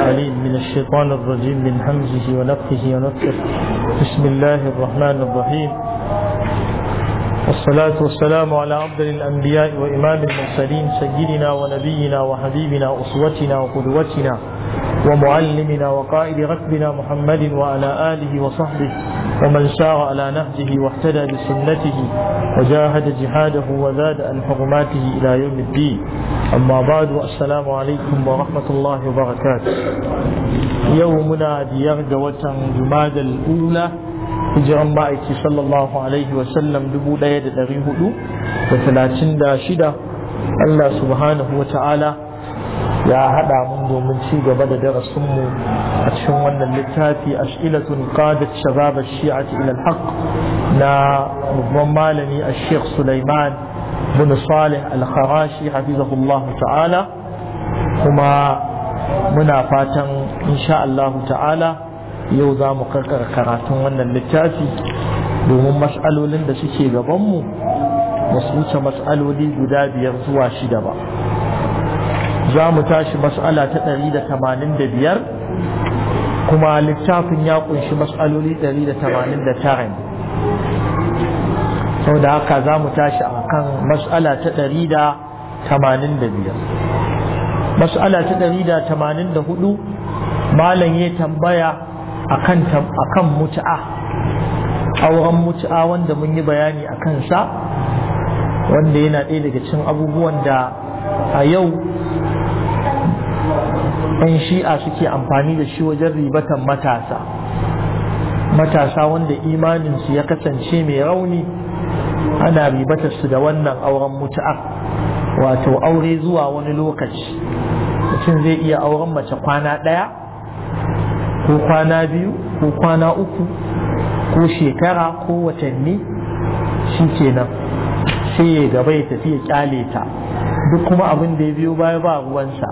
العليم من الشيطان الرجيم من همزه ونفخه ونفخه بسم الله الرحمن الرحيم والصلاة والسلام على أفضل الأنبياء وإمام المرسلين سيدنا ونبينا وحبيبنا أسوتنا وقدوتنا ومعلمنا وقائد ركبنا محمد وعلى آله وصحبه ومن سار على نهجه واهتدى بسنته وجاهد جهاده وزاد عن حرماته إلى يوم الدين أما بعد والسلام عليكم ورحمة الله وبركاته يومنا ديار وتن جماد الأولى hijiran ma'aiki sallallahu alaihi wasallam dubu ɗaya da ɗari hudu da talatin da shida Allah subhanahu wa ta'ala ya haɗa mun domin ci gaba da darasinmu a cikin wannan littafi ash'ilatun qadat shabab ash ila al-haq na babban malami a sheikh Sulaiman bin Salih al-Kharashi hafizahullah ta'ala kuma muna fatan insha Allah ta'ala yau za mu karkar karatun wannan littafi domin mas'alolin da suke gabanmu mu su wuce mas'aloli guda biyar zuwa shida ba za mu tashi mas'ala ta ɗari da tamanin da biyar kuma littafin ya kunshi mas'aloli ɗari da tamanin da tara sau da haka za mu tashi a kan mas'ala ta ɗari da tamanin da biyar mas'ala ta ɗari da tamanin da hudu malam ya tambaya a kan mutu'a auren mutu'a wanda mun yi bayani a kansa wanda yana ɗaya daga cikin abubuwan da a yau kan shi'a suke amfani da shi wajen ribatan matasa matasa wanda imaninsu ya kasance mai rauni ana su da wannan auren mutu'a wato aure zuwa wani lokaci mutum zai iya auren mace kwana ɗaya ko kwana biyu ko kwana uku ko shekara ko watanni shi kenan sai ya gaba ya tafi ya kyale ta duk kuma abin da ya biyo baya ba ruwansa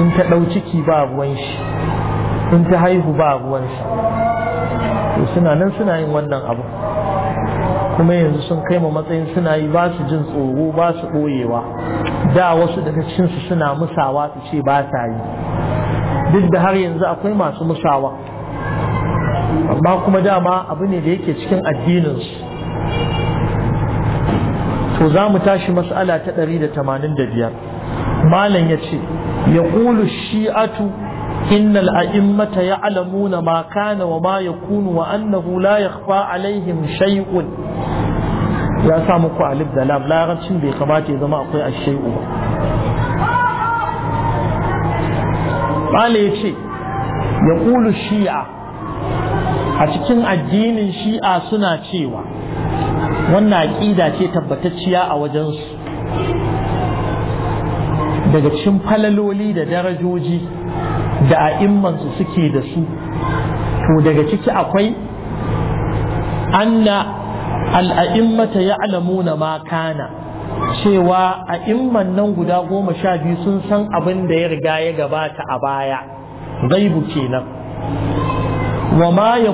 in ta ɗau ciki ba ruwan shi in ta haihu ba ruwan shi to suna nan suna yin wannan abu kuma yanzu sun kai ma matsayin suna yi ba su jin tsoro ba su ɓoyewa da wasu daga cikinsu suna musawa su ce ba sa yi duk da har yanzu akwai masu musawa amma kuma dama abu ne da yake cikin addininsu to za mu tashi mas'ala ta 185 malam ya ce ya ƙulu shi'atu innal a'immata ya'lamuna ma kana wa ma yakunu wa annahu la yakhfa alaihim shay'un ya sa muku alif da lam larabcin bai kamata ya zama akwai ashay'u ba bale ya ce ya ƙulu shi'a a cikin addinin shi'a suna cewa wannan aƙida ce tabbatacciya a wajen su. daga cikin falaloli da darajoji da a'immansu suke da su to daga ciki akwai anna al'a'immata ya'lamuna ma kana cewa a'imman nan guda goma sha biyu sun san abin da ya riga ya gabata a baya gaibu kenan wa ma ya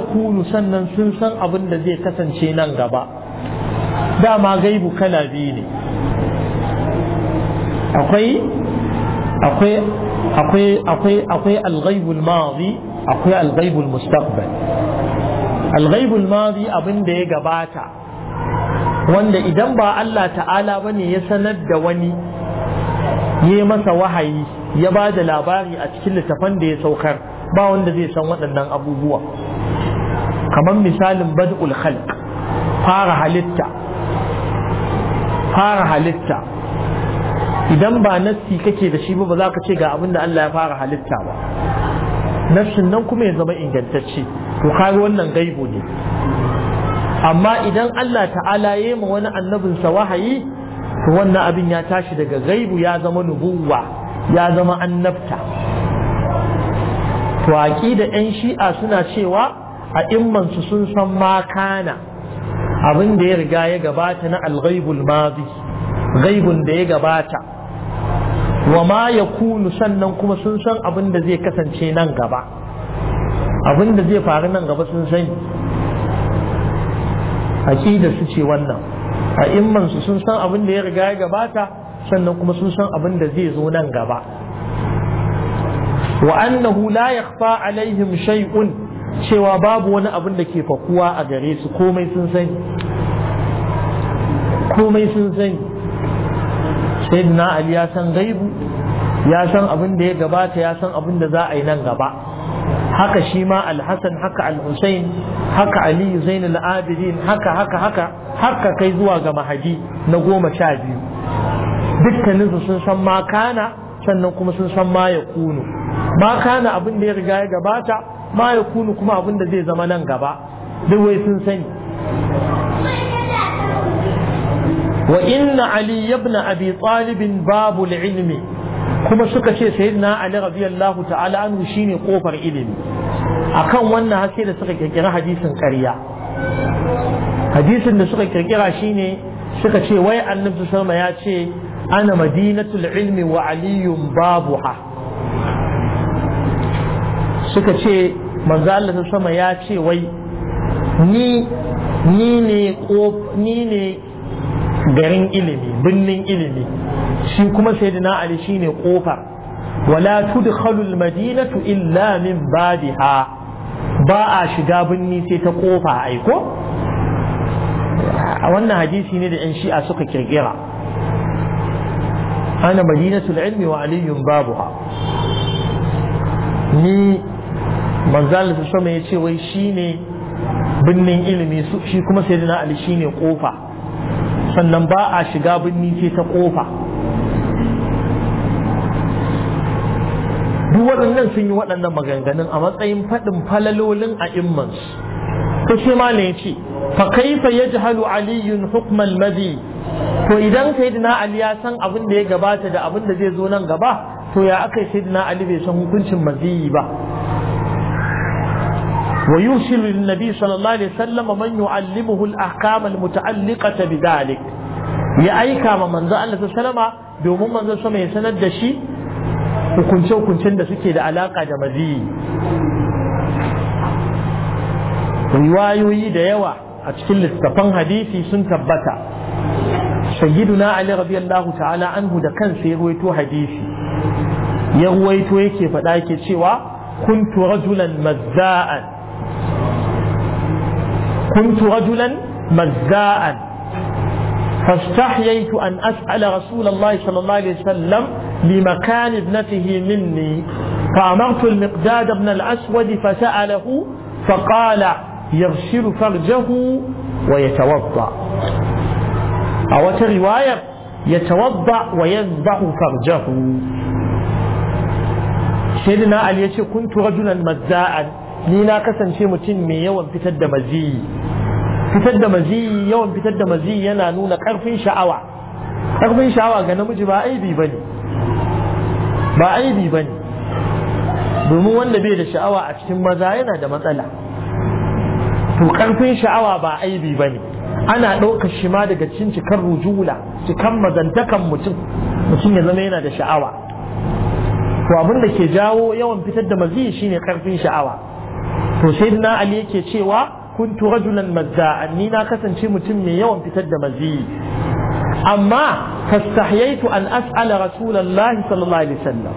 sannan sun san abin da zai kasance nan gaba dama gaibu kala biyu ne akwai akwai akwai akwai akwai al mustaqbal abin da ya gabata wanda idan ba Allah ta'ala bane ya sanar da wani ya masa wahayi ya ba da labari a cikin littafan da ya saukar ba wanda zai san waɗannan abubuwa kamar misalin bad'ul khalq fara halitta fara halitta idan ba nassi kake da shi ba ba za ka ce ga abin da Allah ya fara halitta ba nafsin nan kuma ya zama ingantacce to kaga wannan gaibo ne amma idan Allah ta'ala ya ma wani annabinsa wahayi to wannan abin ya tashi daga gaibu ya zama nubuwa ya zama annabta to da 'yan shi'a suna cewa a immansu sun san makana abin da ya riga ya gabata na alghaibul mazi gaibun da ya gabata wa ma ya kunu sannan kuma sun san abin da zai kasance nan gaba abin da zai faru nan gaba sun sani da su ce wannan a immansu sun san abin da ya riga ya gabata sannan kuma sun san abin da zai zo nan gaba wa annahu la yakhfa alaihim shay'un cewa babu wani abin da ke fakuwa a gare su komai sun sani komai sun sani Sai sayyidina ali ya san gaibu ya san abin da ya gabata ya san abin da za a yi nan gaba haka shi ma alhassan haka al haka ali zainul abidin haka haka haka haka kai zuwa ga mahadi na goma sha biyu dukkaninsu sun san makana sannan kuma sun san ma ya kunu ma abin da ya riga ya gabata ma ya kunu kuma abin da zai zama nan gaba duk wai sun sani wa inna ali ibn abi talib babu ilmi kuma suka ce sayyidina ali radiyallahu ta'ala anu shine kofar ilimi akan wannan haske da suka kirkira hadisin ƙarya hadisin da suka kirkira shine suka ce wai annabi sallama ya ce ana madinatul ilmi wa aliyun babuha suka ce manzo Allah sallama ya ce wai ni ni garin ilimi birnin ilimi shi kuma sayyidina ali shine kofar wala tudkhalu almadinatu illa min badiha ba a shiga birni sai ta kofa aiko a wannan hadisi ne da yan shi'a suka kirkira ana madinatu ilmi wa aliyun babuha ni manzal sama ya ce wai shine birnin ilimi shi kuma sayyidina ali shine kofa sannan ba a shiga birni ce ta kofa duk waɗannan sun yi waɗannan maganganun a matsayin faɗin falalolin a su ta ce ma ne ce fa kaifa yajhalu aliyun hukman madi to idan sayyidina ali ya san abin da ya gabata da abin da zai zo nan gaba to ya aka sayyidina ali bai san hukuncin maziyi ba ويرسل النبي صلى الله عليه وسلم من يعلمه الأحكام المتعلقة بذلك يا أيكا من ذا الله سلم domin manzon sama ya sanar da shi hukunce-hukuncen da suke da alaƙa da maziyi riwayoyi da yawa a cikin littafan hadisi sun tabbata sayyiduna ali radiyallahu ta'ala anhu da kansa ya ruwaito hadisi ya ruwaito yake faɗa ke cewa kuntu rajulan mazza'an كنت رجلا مزاء فاستحييت أن أسأل رسول الله صلى الله عليه وسلم لمكان ابنته مني فأمرت المقداد بن الأسود فسأله فقال يغسل فرجه ويتوضأ أو رواية يتوضأ ويذبح فرجه سيدنا علي كنت رجلا مزاء لنا كسن شيء متن من يوم fitar da fitar da maziyi yawan fitar da maziyi yana nuna ƙarfin sha'awa ƙarfin sha'awa ga namiji ba aibi ba ne ba aibi ba ne domin wanda bai da sha'awa a cikin maza yana da matsala to ƙarfin sha'awa ba aibi ba ne ana ɗaukar shi ma daga cin cikan rujula cikan mazantakan mutum mutum ya zama yana da sha'awa to abin da ke jawo yawan fitar da maziyi shine ƙarfin sha'awa to sai na ali yake cewa kuntu rajulan mazza'an ni na kasance mutum mai yawan fitar da mazi amma fastahyaitu an as'ala rasulullahi sallallahu alaihi wasallam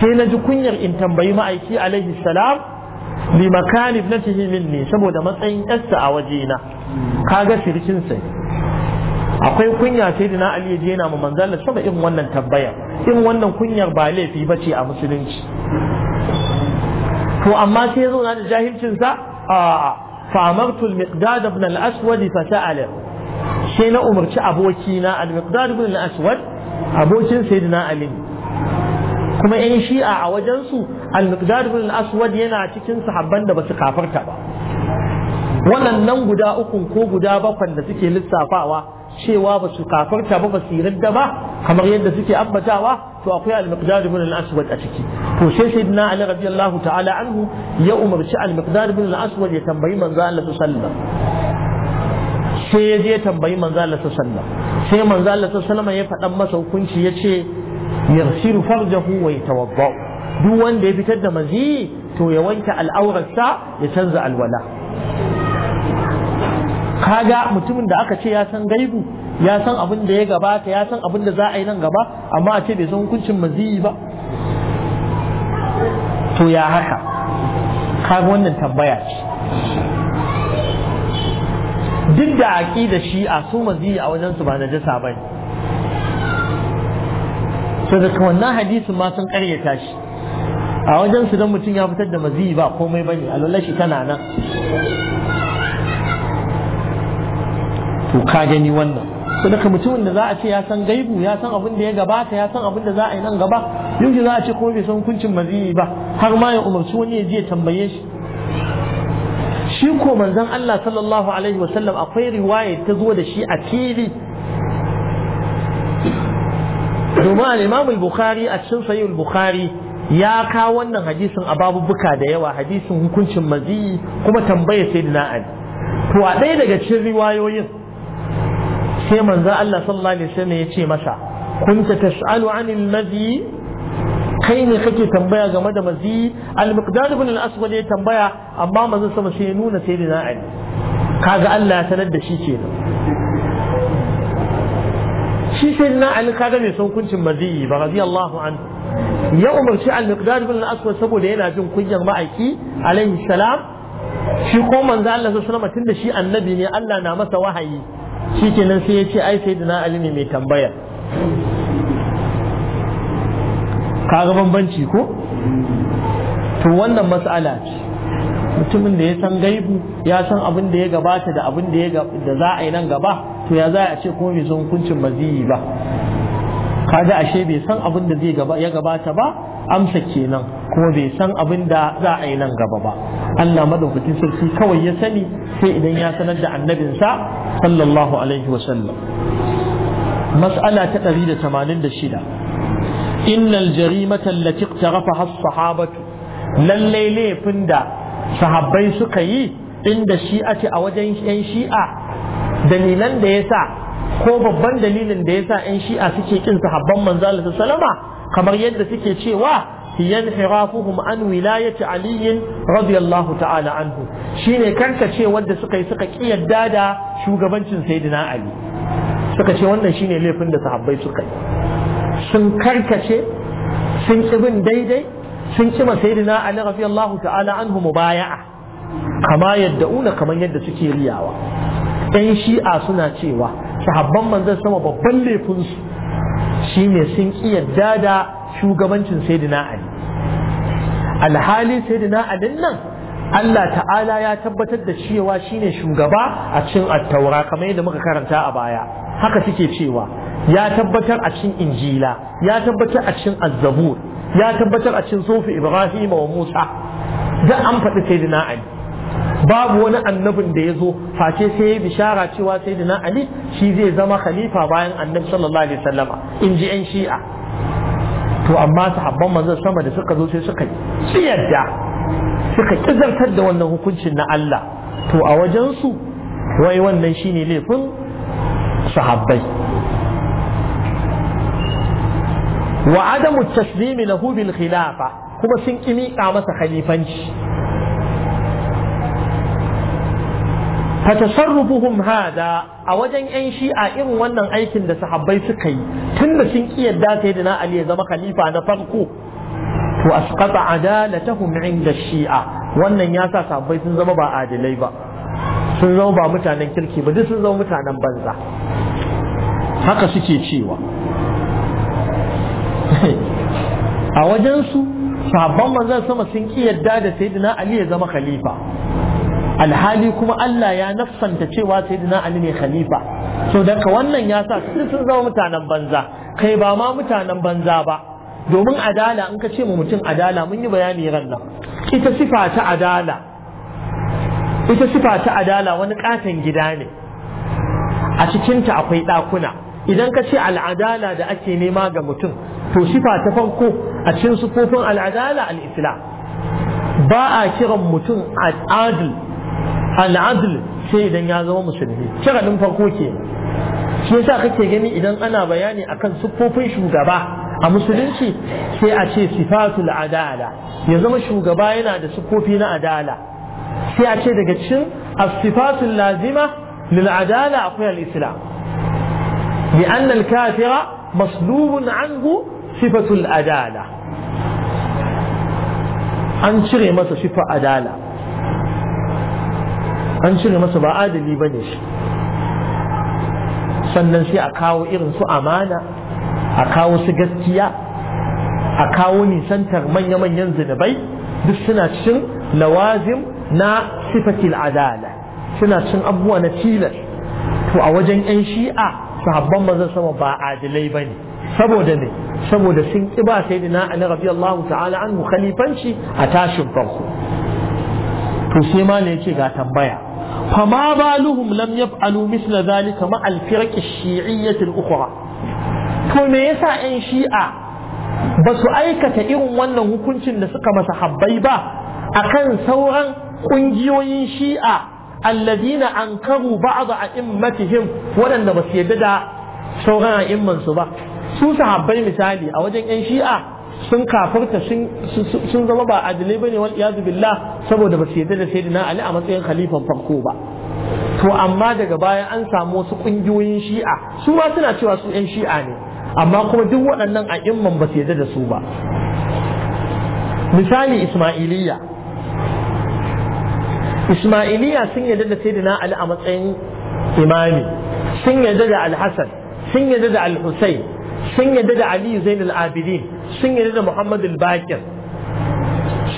sai na ji kunyar in tambayi ma'aiki alaihi salam li makan ibnatihi minni saboda matsayin yarsa a wajena kaga shirkin sai akwai kunya sai dina ali je yana mu manzala sama irin wannan tambaya in wannan kunyar ba laifi bace a musulunci to amma sai ya zo na da jahilcin sa a'a فأمرت المقداد بن الأسود فسأله sai na umarci abokina al-miqdad ibn al-aswad abokin sayyidina ali kuma yan shi'a a wajen su al-miqdad ibn al-aswad yana cikin sahabban da basu kafarta ba waɗannan guda ukun ko guda bakwai da suke lissafawa cewa ba su kafarta ba ba su yarda ba kamar yadda suke ambatawa to akwai al-miqdad ibn al-aswad a ciki to sai sayyidina ali radiyallahu ta'ala anhu ya umarci al-miqdad ibn al-aswad ya tambayi manzo Allah sallallahu alaihi sai ya je tambayi manzo Allah sallallahu alaihi sai manzo Allah sallallahu alaihi ya faɗan masa hukunci ya ce yarsiru farjahu wa yatawadda duk wanda ya fitar da mazi to ya wanke al'aurarsa ya canza alwala kaga mutumin da aka ce ya san gaibu ya san abin da ya gabata ya san abin da za a yi nan gaba amma a ce bai san hukuncin maziyi ba to ya haka kaga wannan tambaya ce duk da da shi a su maziyi a wajen su ba na jisa ba ne sai daga wannan hadisin ma sun karyata shi a wajen su don mutum ya fitar da maziyi ba komai bane lullashi tana nan to ka gani wannan sadaka mutumin da za a ce ya san gaibu ya san abin da ya gabata ya san abin da za a yi nan gaba yau za a ce kuma bai san hukuncin maziyi ba har ma ya umarci wani ya je ya tambaye shi shi ko manzon Allah sallallahu alaihi wasallam akwai riwaya ta zo da shi a TV. domin al-Imam al-Bukhari a cikin Sahih al-Bukhari ya kawo wannan hadisin a babubuka da yawa hadisin hukuncin maziyi kuma tambayar sayyidina Ali to a ɗaya daga cikin riwayoyin sai manzon Allah sallallahu alaihi wasallam ya ce masa kunta tas'alu anil madhi kai ne kake tambaya game da mazi al-miqdad ibn al-aswad ya tambaya amma manzon sama sai ya nuna sayyidina ali kaga Allah ya sanar da shi kenan shi sayyidina ali kaga mai hukuncin mazi ba radiyallahu anhu ya umarci al-miqdad ibn al-aswad saboda yana jin kunyar ma'aiki alayhi salam shi ko manzo Allah sallallahu alaihi wasallam tunda shi annabi ne Allah na masa wahayi shi kenan sai ya ce ai sai dina ali ne mai tambaya kaga bambanci ko to wannan mas'ala ce mutumin da ya san gaibu ya san abin da ya gabata da abin da za a yi nan gaba to ya za a ce kuma bai zo hukuncin maziyi ba kaga ashe bai san abin da ya gabata ba amsa kenan kuma bai san abin da za a yi nan gaba ba Allah madaukakin sarki kawai ya sani sai idan ya sanar da annabinsa sallallahu alaihi wasallam mas'ala ta 186 innal jarimata allati iqtarafaha as-sahabatu lallai laifin da sahabbai suka yi inda shi'ati a wajen yan shi'a dalilan da yasa ko babban dalilin da yasa yan shi'a suke kin sahabban manzo Allah kamar yadda suke cewa yanhirafuhum an wilayati aliyin radiyallahu ta'ala anhu suka yi suka da shugabancin sayyidina ali suka ce wannan shine laifin da sahabbai suka yi sun karkace sun ki bin daidai sun ki ma ali radiyallahu ta'ala anhu mubaya'a kama kamar yadda suke riyawa ɗan shi'a suna cewa sahabban manzon sama babban laifinsu shine sun ki yadda da shugabancin sayyidina ali alhali sayyidina ali nan Allah ta'ala ya tabbatar da cewa shine shugaba a cikin attaura kamar yadda muka karanta a baya haka suke cewa ya tabbatar a cikin injila ya tabbatar a cikin azzabur ya tabbatar a cikin sofi ibrahim wa musa da an faɗi sayyidina ali babu wani annabin da ya zo face sai ya bishara cewa sai na ali shi zai zama khalifa bayan annabi sallallahu alaihi wasallama in ji yan shi'a to amma sahabban manzon sama da suka zo sai suka ki yadda suka kizartar da wannan hukuncin na Allah to a wajen su wai wannan shine laifin sahabbai wa adamu taslimi lahu bil khilafa kuma sun kimi masa khalifanci fatasarrufuhum hada a wajen yan shi'a irin wannan aikin da sahabbai suka yi tun da sun ki da sai da na ali ya zama khalifa na farko to asqata adalatahum inda shi'a wannan ya sa sahabbai sun zama ba adilai ba sun zama ba mutanen kirki ba duk sun zama mutanen banza haka suke cewa a wajen su sabon manzon sama sun da yadda da sayyidina ali ya zama khalifa alhali kuma Allah ya nassanta cewa na Ali ne khalifa so daga wannan ya sa su sun zama mutanen banza kai ba ma mutanen banza ba domin adala in ka ce mu mutum adala mun yi bayani ran nan ita sifa ta adala ita sifa ta adala wani katon gida ne a cikinta akwai ɗakuna idan ka ce al'adala da ake nema ga mutum to sifa ta farko a cikin sufofin al'adala al'islam ba a kiran mutum adil Al'adul sai idan ya zama musulmi shagalin farko ke shi yasa kake gani idan ana bayani akan siffofin shugaba a musulunci sai a ce sifatul adala ya zama shugaba yana da siffofi na adala sai a ce daga cikin as-sifatul lazima lil adala akwai al-islam لأن الكافر maslubun عنه sifatul adala. an cire masa sifa adala an cire masa ba adali ba ne shi sannan sai a kawo irin su amana a kawo su gaskiya a kawo nisantar manya-manyan zunubai duk suna cin lawazim na sifatil adala suna cin abubuwa na tilas to a wajen 'yan shi'a sahabban mazan sama ba adalai ba ne saboda ne saboda sun ƙi ba sai dina ali radiyallahu ta'ala an khalifanci a tashin farko to sai ma ne yake ga tambaya فما بالهم لم يفعلوا مثل ذلك مع الفرق الشيعية الأخرى كما يسعى أن شيعة بس أيكة إرم وأنه كنت نسق مسحبي با ثورا ƙungiyoyin shi'a alladina an karu ba'd a'immatihim waɗanda basu su yadda da sauran a'immansu ba su sahabbai misali a wajen 'yan shi'a sun kafarta sun zama ba adalai bane wal iyadu billah saboda ba su yarda da sayyidina ali a matsayin khalifan farko ba to amma daga baya an samu wasu kungiyoyin shi'a su ma suna cewa su yan shi'a ne amma kuma duk waɗannan a'imman ba su yarda da su ba misali isma'iliya isma'iliya sun yarda da sayyidina ali a matsayin imami sun yarda da al-hasan sun yarda da al-husayn sun yadda da Ali Zain al-Abidin sun yadda da Muhammad al-Bakir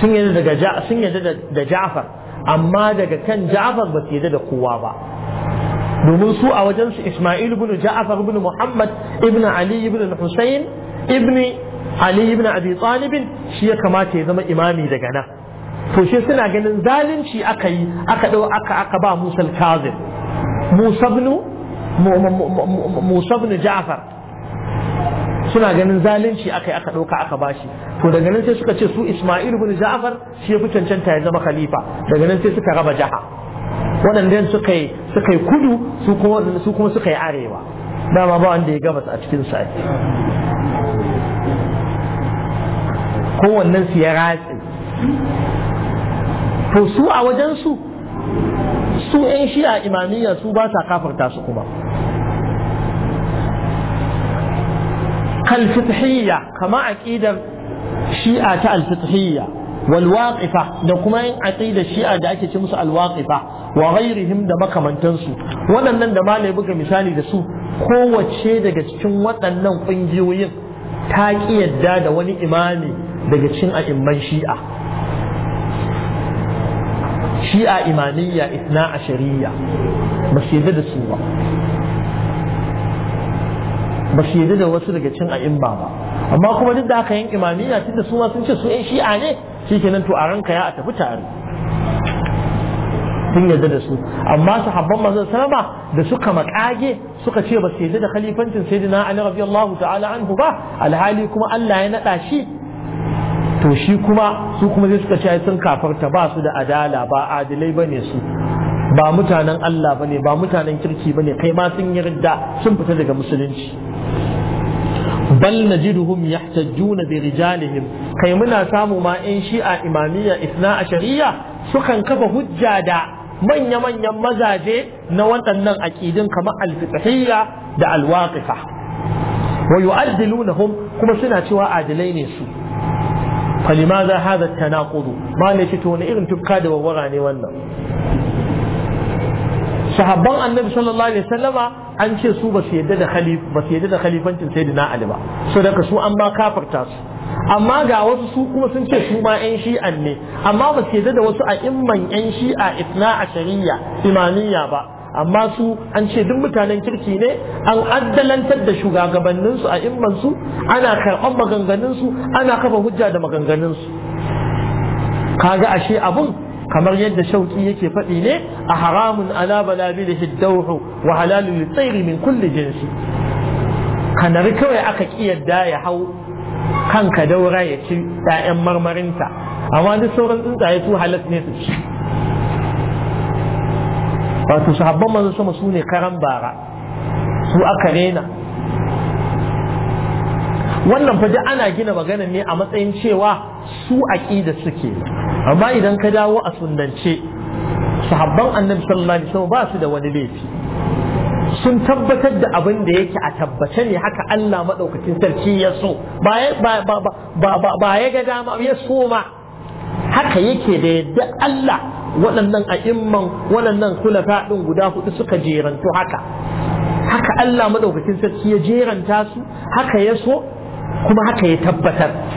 sun yadda daga sun yadda da Ja'far amma daga kan Ja'far ba su yadda da kowa ba domin su a wajen su Isma'il ibn Ja'far ibn Muhammad ibn Ali ibn Hussein ibn Ali ibn Abi Talib shi ya kamata ya zama imami daga nan to shi suna ganin zalunci aka yi aka dau aka aka ba Musa al-Kazim Musa ibn Musa ibn Ja'far suna ganin zalunci aka yi aka ɗauka aka bashi to daga nan sai suka ce su Isma'il bin Ja'far shi ya fi cancanta ya zama khalifa daga nan sai suka raba jaha waɗannan suka yi suka yi kudu su kuma su kuma suka yi arewa dama ba wanda ya gabas a cikin sa wannan su ya ratsi, to su a wajen su su 'yan shi'a imamiyya su ba sa kafarta su kuma kalfithiyya kama aqidar shi'a ta alfithiyya والواقفة da kuma yin aƙidar shi'a da ake ce musu alwaqifa wa ghairihim da makamantansu waɗannan da malai buga misali da su kowace daga cikin waɗannan ƙungiyoyin ta ƙi yadda da wani imami daga cikin a'imman shi'a shi'a imamiyya a shariya, ba su da su ba ba su yadda da wasu daga cin a'imma ba amma kuma duk da haka yan imamiyya tunda su ma sun ce su yan shi'a ne shi kenan to a ranka ya a tafi tare sun yarda da su amma sahabban manzon sallama da suka makage suka ce ba su yarda da khalifancin dina Ali radiyallahu ta'ala anhu ba alhali kuma Allah ya naɗa shi to shi kuma su kuma sai suka ce sun kafarta ba su da adala ba adilai bane su ba mutanen Allah ne ba mutanen kirki bane kai ma sun yarda sun fita daga musulunci bal najiduhum yahtajjuna bi rijalihim kai muna samu ma yan shi'a imamiyya isna ashariya sukan kafa hujjada manya-manyan mazaje na waɗannan aƙidin kamar alfitahiyya da alwaqifa wa yu'addilunahum kuma suna cewa adilai ne su فلماذا هذا التناقض ما نشتون إغن تبكى دوغراني وانا صحابان النبي صلى الله عليه وسلم an ce su ba su yadda da ba su yadda da khalifancin sayyidina ali ba so daga su an ma kafirta su amma ga wasu su kuma sun ce su ma yan shi'an ne amma ba su yadda da wasu a'imman yan shi'a itna a shari'a imamiyya ba amma su an ce duk mutanen kirki ne an addalantar da shugabannin su a imman su. ana karɓar su. ana kafa hujja da maganganun maganganunsu kaga ashe abun kamar yadda shauki yake faɗi ne a haramun ala balabilihi dawhu wa halalul tsairi min kulli jinsi kanari kawai aka ki yadda ya hau kanka daura ya ci 'ya'yan marmarinta amma duk sauran tsuntsaye su halas ne su ci wato sahabban manzo sama su ne karan bara su aka rena wannan faji ana gina magana ne a matsayin cewa su aqida suke amma idan ka dawo a sunnance sahabban annabi sallallahu alaihi wasallam ba su da wani laifi sun tabbatar da abin da yake a tabbace ne haka Allah madaukakin sarki ya so ba ba ba ba ya ga dama ya so ma haka yake da yadda Allah waɗannan a'imman waɗannan kulafa ɗin guda hudu suka jerantu haka haka Allah madaukakin sarki ya jeranta su haka ya so kuma haka ya tabbatar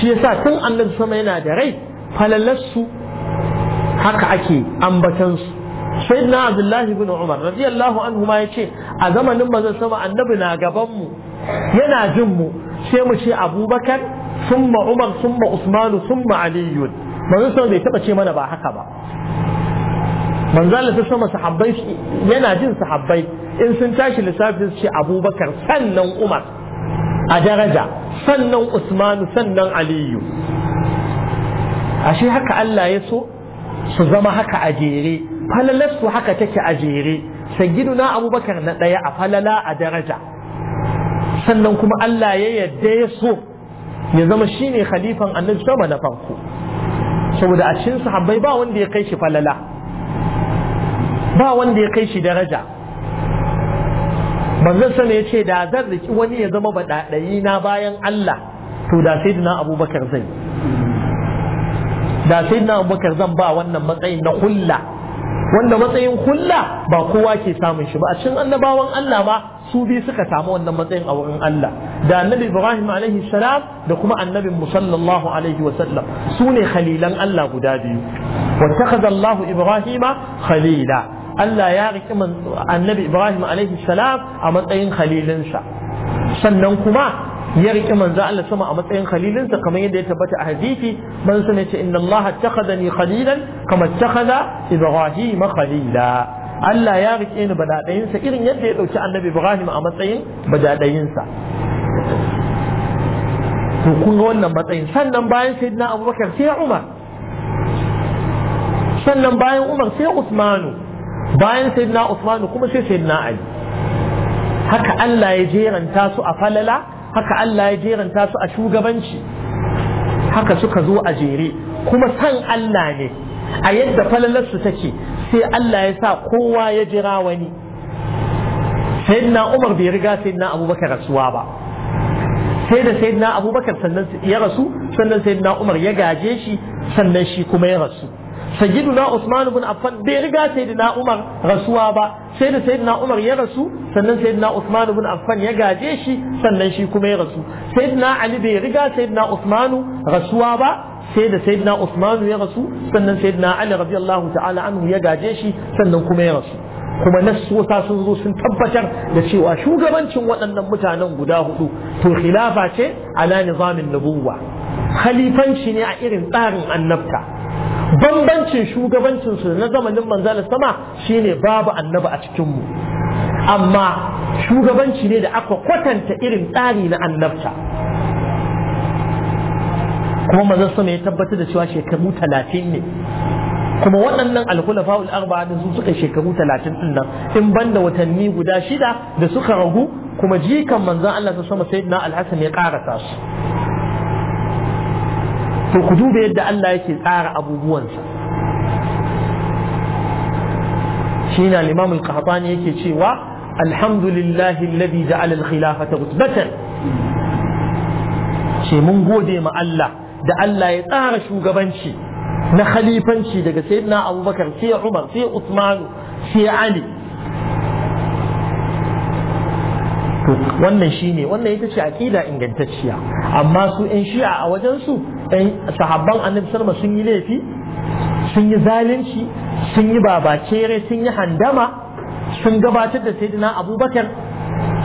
shi yasa tun annabi sama yana da rai falallarsu haka ake ambatansu sayyidina abdullahi bin umar radiyallahu anhu ma yace a zamanin manzon sama annabi na gabanmu mu yana jin mu sai mu ce abubakar summa umar summa usmanu summa aliyun manzon sama bai taba ce mana ba haka ba manzo Allah sama sahabbai yana jin sahabbai in sun tashi lissafin su ce abubakar sannan umar a daraja sannan usmanu sannan aliyu ashe haka Allah ya so su zama haka a jere falalarsu haka take a jere sayyiduna abubakar na ɗaya a falala a daraja sannan kuma Allah ya yadda ya so ya zama shine khalifan annabi sama na farko saboda a cikin sahabbai ba wanda ya kai shi falala ba wanda ya kai shi daraja manzon sama ya ce da zan riki wani ya zama baɗaɗayi na bayan Allah to da sai dina abubakar da sai dina abubakar zan ba wannan matsayin na hulla wanda matsayin hulla ba kowa ke samun shi ba a cikin annabawan Allah ma su biyu suka samu wannan matsayin a wurin Allah da annabi Ibrahim alaihi salam da kuma annabin musallallahu alaihi wa sallam su ne khalilan Allah guda biyu wa takhadha Allah Ibrahima khalila Allah ya riki annabi Ibrahim alaihi salam a matsayin khalilinsa sannan kuma ya riki manzo Allah sama a matsayin khalilinsa kamar yadda ya tabbata a hadisi man sana ce inna Allah takhadani khalilan kama takhada Ibrahim khalila Allah ya rike ni badadayinsa irin yadda ya dauki annabi Ibrahim a matsayin badadayinsa to kun ga wannan matsayin sannan bayan sayyidina Abubakar sai Umar sannan bayan Umar sai Usmanu bayan sayyidina Usman kuma sai sayyidina Ali haka Allah ya jeranta su a falala haka Allah ya jeranta su a shugabanci haka suka zo a jere kuma san Allah ne a yadda falalar su take sai Allah ya sa kowa ya jira wani sayyidina Umar bai riga sayyidina Abubakar rasuwa ba sai da sayyidina Abubakar sannan ya rasu sannan sayyidina Umar ya gaje shi sannan shi kuma ya rasu sayyiduna Usman ibn Affan bai riga sayyidina Umar rasuwa ba sai da sayyidina Umar ya rasu sannan sayyidina Usman ibn Affan ya gaje shi sannan shi kuma ya rasu sayyidina Ali bai riga sayyidina Usman rasuwa ba sai da sayyidina Usman ya rasu sannan sayyidina Ali ta'ala anhu ya gaje shi sannan kuma ya rasu kuma nassosa sun zo sun tabbatar da cewa shugabancin waɗannan mutanen guda hudu to khilafa ce ala nizamin nubuwa khalifanci ne a irin tsarin annabta bambancin shugabancin su na zamanin manzala sama shine babu annabi a cikin mu amma shugabanci ne da aka kwatanta irin tsari na annabta kuma manzon sama ya tabbatar da cewa shekaru talatin ne kuma waɗannan alkhulafa'ul arba'a da su suka shekaru talatin din nan in banda watanni guda shida da suka ragu kuma jikan manzon Allah ta sama sayyidina al-Hasan ya karasa su to ku duba yadda Allah yake tsara abubuwansa shi na limam al-qahtani yake cewa alhamdulillahi alladhi ja'ala al-khilafata rutbatan ce mun gode ma Allah da Allah ya tsara shugabanci na khalifanci daga sayyidina Abubakar sai Umar sai Uthman sai Ali wannan shine wannan ita ce aqida ingantacciya amma su 'yan shi'a a wajen su sahabban annabi sallama sun yi laifi sun yi zalunci sun yi babacere sun yi handama sun gabatar da sayyidina abubakar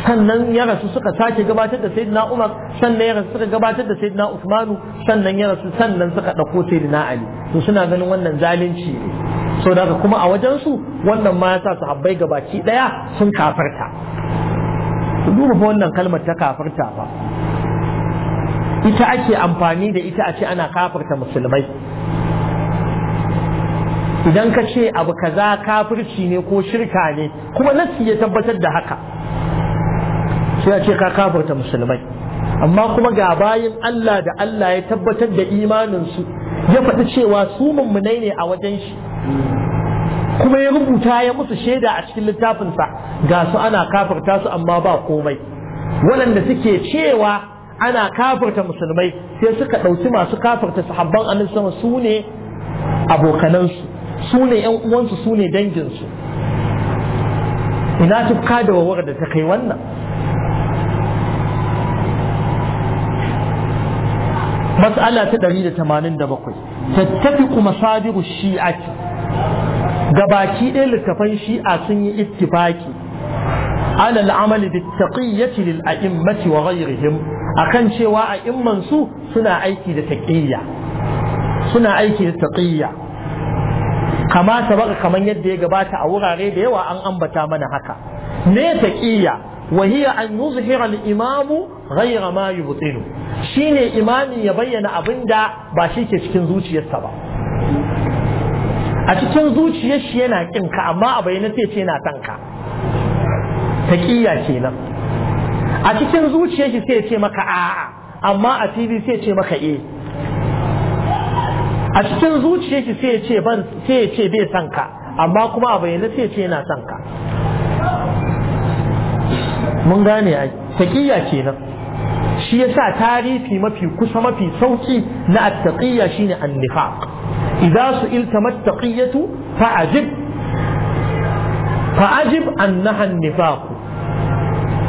sannan ya rasu suka sake gabatar da sayyidina umar sannan ya rasu suka gabatar da sayyidina usmanu sannan ya rasu sannan suka dauko sayyidina ali to suna ganin wannan zalunci ne so daga kuma a wajen su wannan ma yasa sa sahabbai gabaki daya sun kafarta duba wannan kalmar ta kafarta ba ita ake amfani da ita a ce ana kafarta musulmai idan ka ce abu kaza kafirci ne ko shirka ne kuma nassi ya tabbatar da haka sai a ce ka kafarta musulmai amma kuma ga bayan Allah da Allah ya tabbatar da imaninsu ya faɗi cewa su mummunai ne a wajen shi kuma ya rubuta ya musu shaida a cikin littafinsa ga su ana kafarta su amma ba komai waɗanda suke cewa ana kafarta musulmai sai suka ɗauki masu kafarta sahabban annabi sama su ne abokanansu su ne yan uwansu su ne danginsu ina tufka da wawar da ta kai wannan mas'ala ta 187 tattafiqu masadiru shi'ati gabaki ɗaya littafan shi'a sun yi ittifaki ala al'amali bittaqiyyati lil a'immati wa akan cewa a imman su suna aiki da taqiyya suna aiki da taqiyya kama sabaka kaman yadda ya gabata a wurare da yawa an ambata mana haka ne taqiyya wa hiya an yuzhira al-imam ghayra ma yubtilu shine imami ya bayyana abinda ba shi ke cikin zuciyarsa ba a cikin zuciyar shi yana kinka amma a bayyana sai ce yana tanka taqiyya kenan a cikin zuciyar shi sai ce maka a'a amma a fili sai ce maka eh a cikin zuciyar shi sai ce ban sai ce bai son ka amma kuma a bayyana sai ce yana son ka mun gane ai taqiyya kenan shi yasa tarihi mafi kusa mafi sauki na at-taqiyya shine an-nifaq idza su'ilta mat-taqiyatu fa'ajib fa'ajib annaha an-nifaq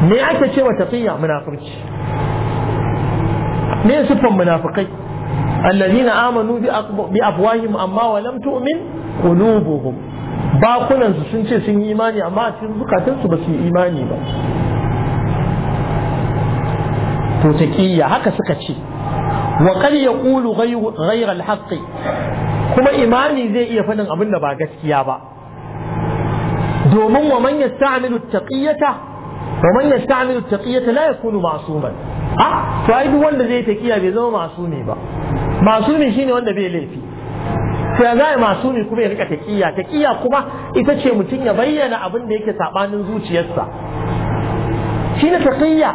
me ake cewa tafiya munafurci me sufan munafikai allazina amanu bi afwahim amma wa lam tu'min qulubuhum ba kunan su sun ce sun yi imani amma sun zukatun ba su yi imani ba to haka suka ce wa qad yaqulu ghayra kuma imani zai iya faɗin abin da ba gaskiya ba domin wa man yasta'milu taqiyyata ومن يستعمل التقية لا يكون معصوما أه فأي وند زي تقية بيزما معصومي با معصومي شيني وند بي ليفي فأنا معصومي كما يرقى تقية تقية كما إتشي متين يبين أبن ديك سعبان زوجي يسا شين تقية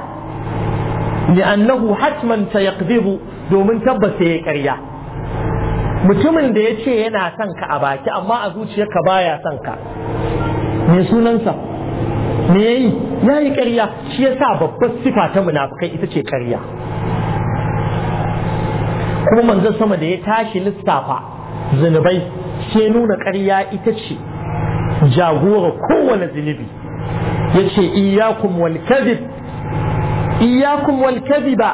لأنه حتما سيقذب domin tabbas sai ya karya mutumin da ya ce yana son ka a baki amma a zuciyarka baya son ka me sunansa me yayi yayi ƙarya shi yasa babbar sifa ta munafikai ita ce ƙarya kuma manzon sama da ya tashi lissafa zunubai sai nuna ƙarya ita ce jagora kowane zunubi yace iyyakum wal kadhib iyyakum wal kadhiba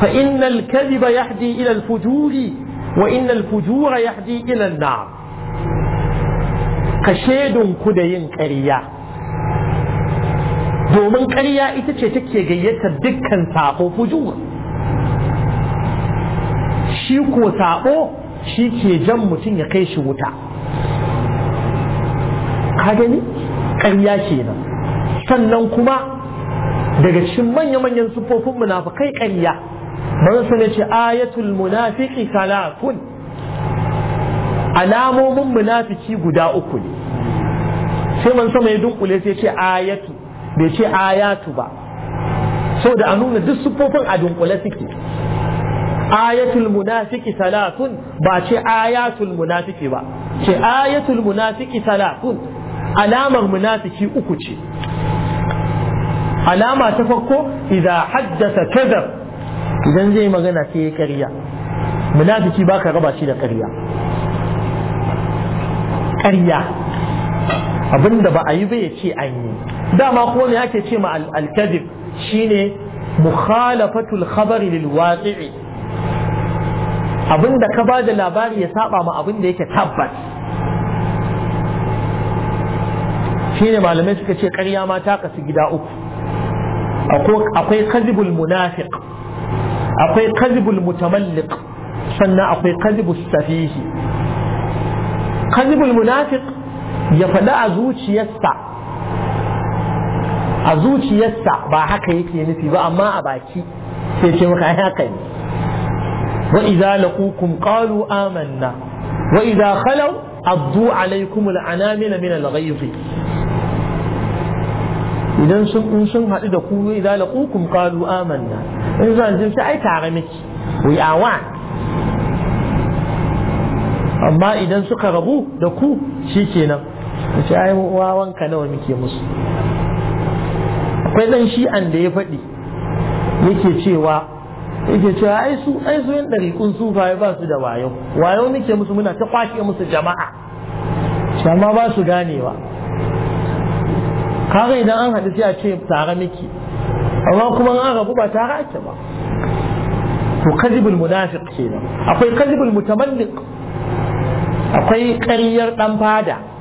fa innal kadhiba yahdi ila al fujuri wa innal fujura yahdi ila an nar ka shedun ku da yin ƙarya domin ƙarya ita ce take gayyatar dukkan sako fujur shi ko sako shi ke jan mutum ya kai shi wuta ka gani ƙarya kenan sannan kuma daga cikin manya-manyan sufofin munafikai ƙarya bari su ne ce ayatul munafiki salatun alamomin munafiki guda uku ne sai man sama ya dunkule sai ce ayatu bai ce ayatu ba Sau da a nuna duk siffofin a dunkule suke ayatul munafiki salatun ba ce ayatul munafiki ba ce ayatul munafiki salatun alamar munafiki uku ce alama ta farko idan haddasa kadar idan zai magana sai ya karya munafiki ba ka raba shi da karya karya abinda ba a yi ba ya ce an yi dama ko ne ake ce ma al-kadhib shine mukhalafatul khabari lil waqi'i abinda ka ba da labari ya saba ma abinda yake tabbas shine malamai suka ce ƙarya ma ta kasu gida uku akwai Kazibul munafiq akwai Kazibul mutamalliq sannan akwai kadhibus safihi Kazibul munafiq ya faɗi a zuciyarsa a zuciyarsa ba haka yake nufi ba amma a baki sai ce maka haka ne wa idza laqukum qalu amanna wa idza khalaw addu alaykum al'anamina min al-ghayz idan sun kun sun hadu da ku wa idza laqukum qalu amanna in zan jin sai ai tare miki we are one amma idan suka rabu da ku shikenan a ce ai wanka nawa muke musu akwai dan shi'an da ya faɗi yake cewa yake cewa ai su ai su yan su fa ba su da wayo wayo muke musu muna ta kwashe musu jama'a amma ba su ganewa kaga idan an haɗu sai a ce tare muke amma kuma an rabu ba tare ake ba to kadibul munafiq kenan akwai kadibul mutamalliq akwai ƙaryar dan fada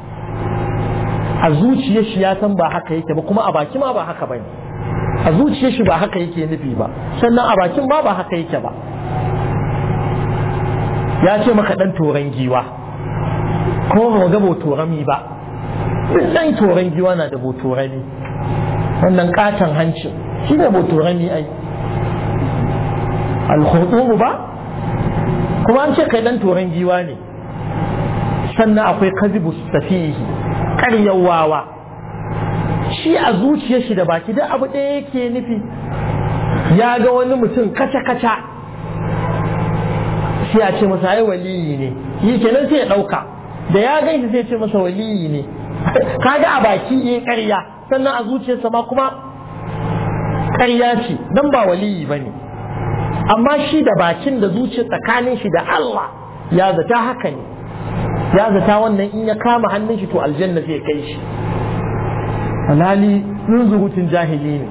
a zuciyar shi ya san ba haka yake ba kuma a baki ma ba haka bane a zuciyar shi ba haka yake nufi ba sannan a bakin ma ba haka yake ba ya ce maka dan toran giwa ko ba ga botorami ba dan toran giwa na da botorami wannan katon hanci shi ne botorami ai alhutubu ba kuma an ce kai dan toran giwa ne sannan akwai kazibu safihi ƙaryar wawa shi a zuciyar shi da baki da abu ɗaya yake nufi ya ga wani mutum kaca-kaca sai a ce masa ai waliyi ne yi kenan sai ya ɗauka da ya gan shi sai ce masa waliyi ne kaga a baki yin eh, ƙarya sannan a zuciyarsa ma kuma ƙarya ce don ba waliyi ba ne amma shi da bakin da zuciya tsakanin shi da Allah ya zata haka ne ya zata wannan in ya kama hannun shi to aljanna zai kai shi alhali zunzurutun jahili ne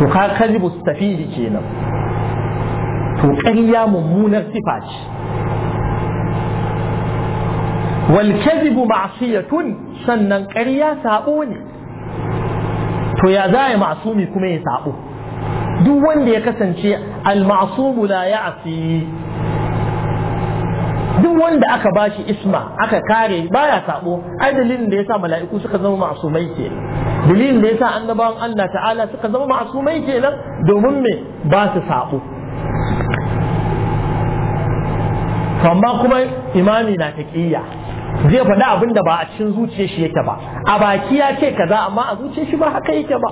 to ka kazibu stafidi kenan to ƙarya mummunar sifa ce wal kazibu ma'siyatun sannan ƙarya sabo ne to ya za ya ma'sumi kuma ya sabo duk wanda ya kasance al ma'sumu la ya'si duk wanda aka bashi isma aka kare baya sabo ai dalilin da yasa mala'iku suka zama ma'asumai ke dalilin da yasa annabawan Allah ta'ala suka zama ma'asumai kenan domin me ba su sabo amma kuma imami na taqiyya zai faɗi abin da ba a cikin zuciyar shi yake ba a baki ya ce kaza amma a zuciyar shi ba haka yake ba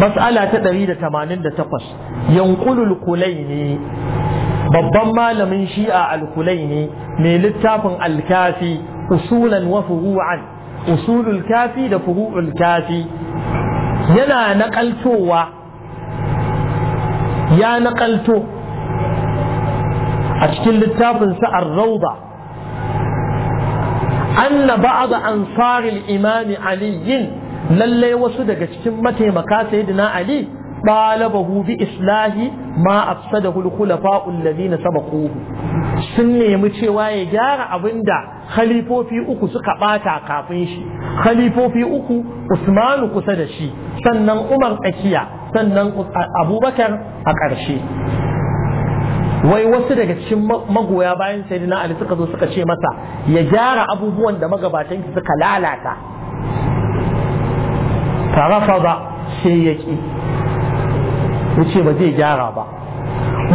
mas'ala ta 188 yanqulul kulaini babban malamin shi'a al ne mai littafin al usulan wa furu'an usulul kafi da furu'ul kafi yana naƙaltowa ya naƙalto a cikin littafin ar Arrauba, anna ba'd ansar al-imam ali lalle wasu daga cikin mataimaka sayyidina ali balabahu Bahubi islahi ma afsadahu da khulafau alladhina sabaquhu sun nemi cewa ya gyara abin da khalifofi uku suka bata kafin shi khalifofi uku Usmanu kusa da shi sannan Umar tsakiya sannan Abubakar a ƙarshe wai wasu daga cikin magoya bayan sayyidina Ali suka zo suka ce masa ya gyara abubuwan da magabatan suka lalata farafa ba sai ya ki ya ce ba zai gyara ba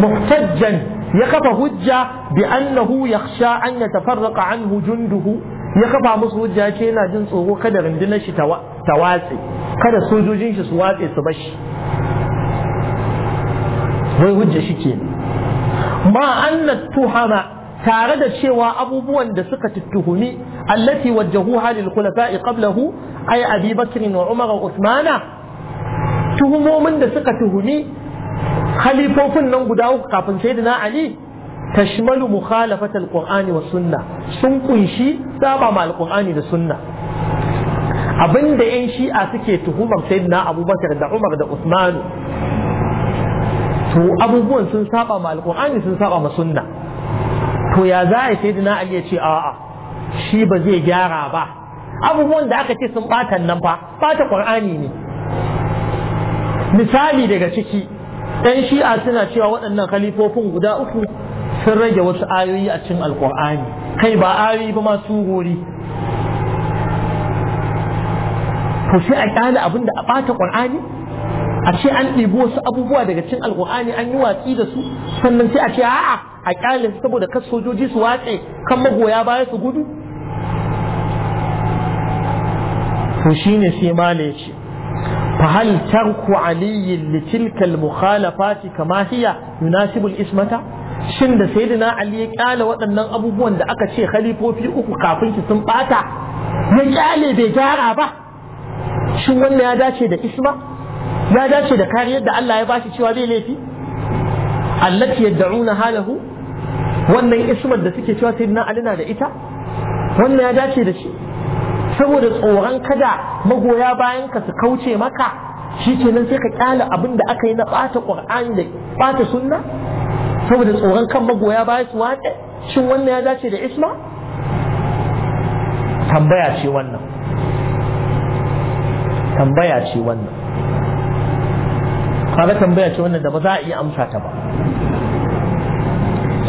muhtajjan ya kafa hujja bi annahu yakhsha an yatafarraqa anhu junduhu ya kafa musu hujja ce yana jin tsoro kada rundunar shi ta watse kada sojojin shi su watse su bashi wai hujja shi ke ma anna tuhama tare da cewa abubuwan da suka tuhumi allati wajjahu halil khulafa'i qablahu ay abi bakr wa umar wa uthmana tuhumomin da suka tuhumi khalifofin nan guda uku kafin na ali tashmalu mukhalafat alqur'ani wa sunna sun kunshi saba ma alqur'ani da sunna abinda yan shi'a suke tuhumar sayyidina abubakar da umar da usman to abubuwan sun saba ma alqur'ani sun saba ma sunna to ya za a sayyidina ali ya ce a'a shi ba zai gyara ba abubuwan da aka ce sun ɓata nan fa bata qur'ani ne misali daga ciki ɗan shi'a suna cewa waɗannan khalifofin guda uku sun rage wasu ayoyi a cikin alkur'ani kai ba ayoyi ba masu gori to sai a kyale abin da a ɓata ƙur'ani a ce an ɗibi wasu abubuwa daga cikin alkur'ani an yi watsi da su sannan sai a ce a'a a kyale su saboda kas sojoji su watse kan magoya baya su gudu to shine sai mala ce فهل ترك علي لتلك المخالفات كما هي يناسب الإسمة shin da sayyidina Ali ya kyale waɗannan abubuwan da aka ce khalifofi uku kafin shi sun bata ya kyale bai gyara ba shin wannan ya dace da isma ya dace da kariyar da Allah ya bashi cewa bai laifi allati yad'una halahu wannan ismar da suke cewa sayyidina Ali na da ita wannan ya dace da shi saboda tsoron kada magoya bayan ka su kauce maka shi kenan sai ka kyala abin da aka yi na ɓata ƙur'ani da ɓata sunna saboda tsoron kan magoya baya su wace shin wannan ya dace da isma tambaya ce wannan tambaya ce wannan kaga tambaya ce wannan da ba za a iya amsa ta ba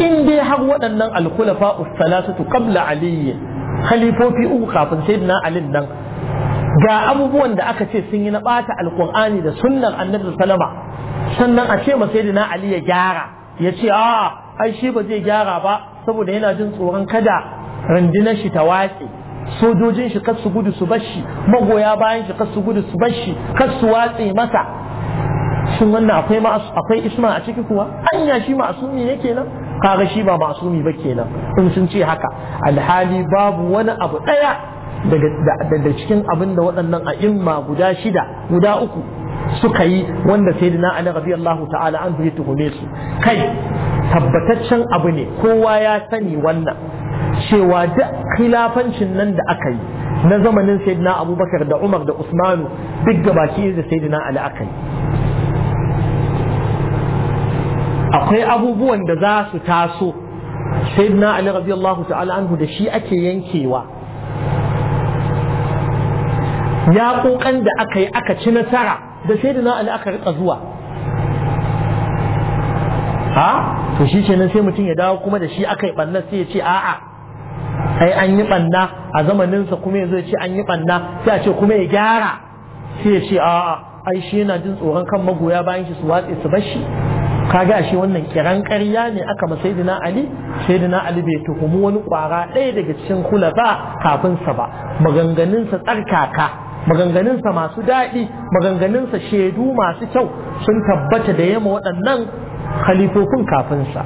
in dai har waɗannan alkhulafa ustalasatu qabla aliyyin khalifofi uku kafin na Ali nan ga abubuwan da aka ce sun yi na ɓata alkur'ani da sunnar annabi salama sannan a ce na ali ya gyara ya ce a ai shi ba zai gyara ba saboda yana jin tsoron kada rundunar shi ta watse sojojin shi kar su gudu su bashi magoya bayan shi kar su gudu su bashi kar su watse masa shin wannan akwai akwai isma a ciki kuwa anya shi ma'asumi yake nan kaga shi ba masumi ba kenan in sun ce haka alhali babu wani abu daya daga cikin abin da waɗannan a'imma guda shida guda uku suka yi wanda sai dina ali allahu ta'ala an ya tuhume su kai tabbataccen abu ne kowa ya sani wannan cewa kilafancin khilafancin nan da aka yi na zamanin sayyidina abubakar da umar da usmanu duk gabaki da sayyidina ali aka yi akwai abubuwan da za su taso Sai na ali radiyallahu ta'ala anhu da shi ake yankewa ya kokan da aka yi aka ci nasara da sai na ali aka rika zuwa ha to shi kenan sai mutum ya dawo kuma da shi aka yi ɓanna sai ya ce a'a ai an yi ɓanna a zamaninsa kuma yanzu ya ce an yi ɓanna sai a ce kuma ya gyara sai ya ce a'a ai shi yana jin tsoron kan magoya bayan shi su watse su bashi. kaga ashe wannan kiran ƙarya ne aka ma sayyidina ali sayyidina ali bai tuhumu wani kwara ɗaya daga cikin kulafa kafin sa ba maganganun sa tsarkaka maganganun sa masu daɗi maganganun sa shaidu masu kyau sun tabbata da yamma waɗannan khalifofin kafin sa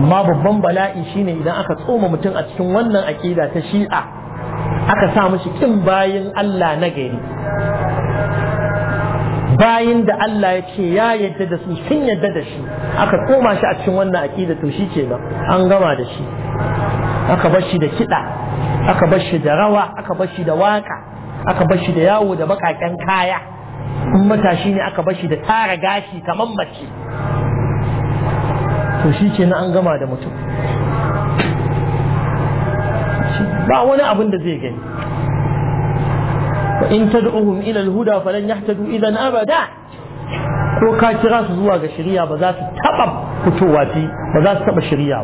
amma babban bala'i shine idan aka tsoma mutum a cikin wannan aƙida ta shi'a aka sa mishi kin bayin Allah na gari bayin da Allah ya ce ya yadda da su sun yadda da shi aka koma shi a cikin wannan aƙida to shi ke nan an gama da shi aka bar shi da kiɗa aka bar shi da rawa aka bar shi da waka aka bar shi da yawo da baƙaƙen kaya in matashi ne aka bar shi da tara gashi kamar mace to shi ke an gama da mutum ba wani abin da zai gani in tad'uhum ila al-huda falan yahtadu idan abada ko ka kira su zuwa ga shari'a ba za su taba fitowa ba za su taba shari'a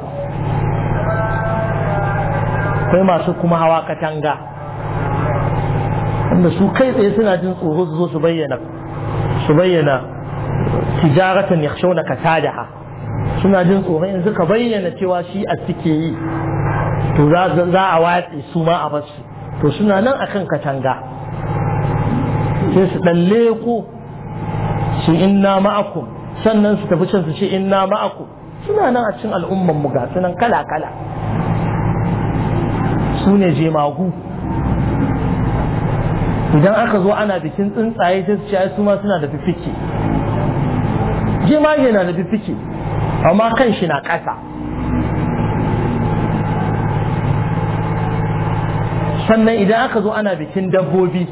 ba masu kuma hawa katanga wanda su kai tsaye suna jin tsoro su zo su bayyana su bayyana tijaratan yakhshawna kasadaha suna jin tsoron in suka bayyana cewa shi a suke yi to za a watse su ma a basu to suna nan akan katanga sai su ɗan leko shi inna ma'akum sannan su tafi can su ce inna ma'akum suna nan a cikin al'umman mu ga sunan kala kala su ne jemagu idan aka zo ana bikin tsuntsaye sai su ce su ma suna da fifike jemage na da fifike amma kan shi na ƙasa sannan idan aka zo ana bikin dabbobi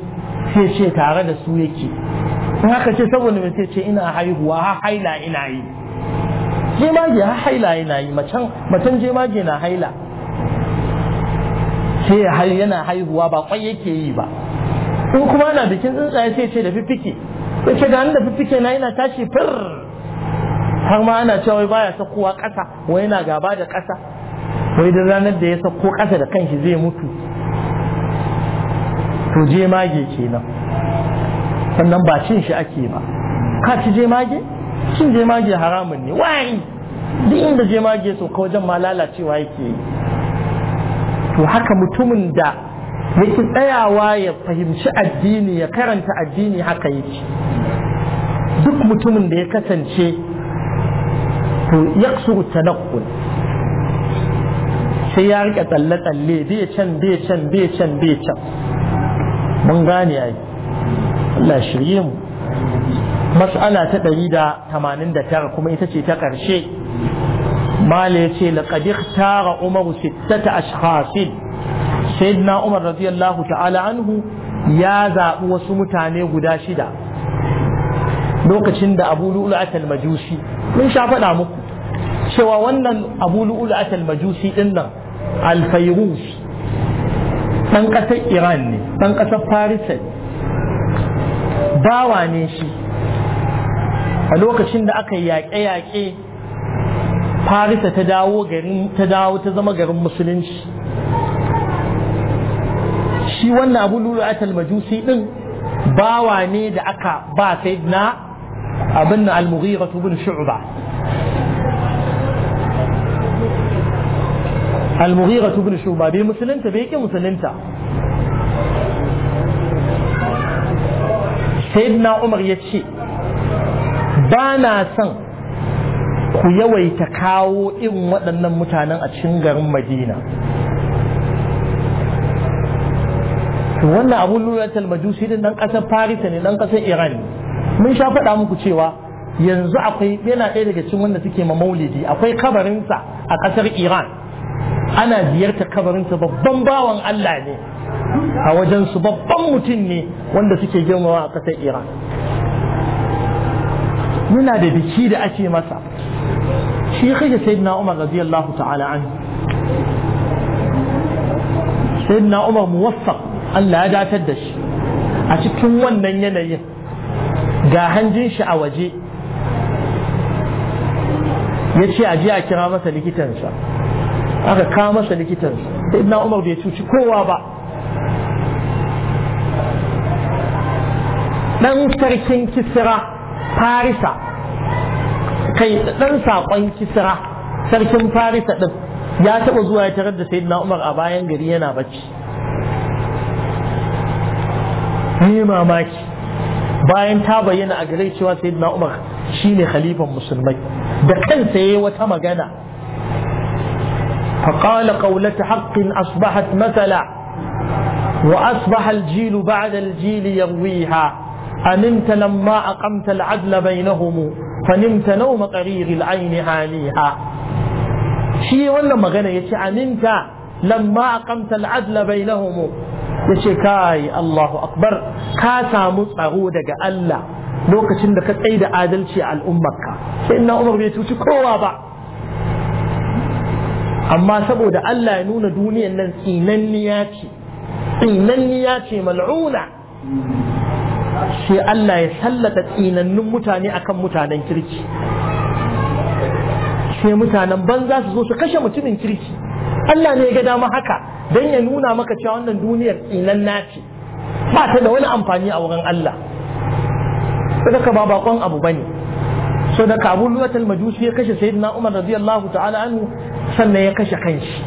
sai ce tare da su yake in haka ce saboda mai sai ce ina haihuwa ha haila ina yi jemage ha haila yana yi macen jemage na haila sai yana haihuwa ba kwai yake yi ba in kuma ana bikin tsuntsaye sai ce da fifike, sai ce da da fifike na yana tashi fir har ma ana cewa wai baya sakowa ƙasa wai yana gaba da ƙasa wai da ranar da ya sako ƙasa da kanshi zai mutu to je jemage kenan sannan ba cin shi ake ba ka ci je mage? cin je mage haramun ne wai duk inda je mage so ka wajen ma lalacewa yake yi to haka mutumin da yake tsayawa ya fahimci addini ya karanta addini haka yake duk mutumin da ya kasance to yaksuru tanakul sai ya rika tsalle-tsalle bai can bai can bai can bai can mun gane ai Allah shirye mu mas'ala ta 189 kuma ita ce ta ƙarshe mala ya ce laqad ikhtara umaru sittata ashkhasin sayyidina umar radiyallahu ta'ala anhu ya zaɓi wasu mutane guda shida lokacin da abu lu'ulatul majusi mun sha faɗa muku cewa wannan abu lu'ulatul majusi din nan alfayrus ɗan ƙasar iran ne ɗan ƙasar farisa bawa ne shi a lokacin da aka yaƙe-yaƙe farisa ta dawo garin ta dawo ta zama garin musulunci shi wannan abu lulu'atul majusi din bawa ne da aka ba sayyidina abin na al-mughira bin shu'ba al-mughira bin shu'ba bai musulunta bai ke musulunta sayyidina umar ya ce ba na son ku yawaita kawo irin waɗannan mutanen a cikin garin madina wannan abu lulatul majusi din ɗan ƙasar farisa ne ɗan ƙasar iran ne mun sha faɗa muku cewa yanzu akwai yana ɗaya daga cikin wanda suke ma maulidi akwai kabarinsa a ƙasar iran ana ziyartar kabarinsa babban bawan allah ne a wajen su babban mutum ne wanda suke girmawa a ƙasar iran yana da biki da ake masa shi kai sayyidina umar radiyallahu ta'ala an sayyidina umar muwaffaq Allah ya datar da shi a cikin wannan yanayin ga hanjin shi a waje ya ce a a kira masa likitansa aka kawo masa likitansa sayyidina umar bai cuci kowa ba dan sarkin kisira farisa kai dan sakon kisira sarkin farisa din ya taɓa zuwa ya tarar da sayyidina umar a bayan gari yana bacci ni mamaki bayan ta bayyana a gare cewa sayyidina umar shine khalifan musulmai da kansa yayi wata magana فقال قولة حق أصبحت مثلا وأصبح الجيل بعد الجيل يرويها أنمت لما أقمت العدل بينهم فنمت نوم قرير العين عاليها شيء ولا مغنى يشي أنمت لما أقمت العدل بينهم يشي كاي الله أكبر كاسا مصعودك ألا lokacin da ka tsai da adalci a al'ummarka sai ina umar bai cuci kowa ba amma saboda Allah ya nuna duniyan nan tsinanniya ce ce mal'una sai Allah ya sallata tsinannun mutane akan mutanen kirki sai mutanen banza su zo su kashe mutumin kirki Allah ne ya ga dama haka don ya nuna maka cewa wannan duniyar tsinan nace ba ta da wani amfani a wurin Allah sadaka ba bakon abu bane sadaka Abu Luwatul Majusi ya kashe Sayyidina Umar radiyallahu ta'ala anhu sannan ya kashe kanshi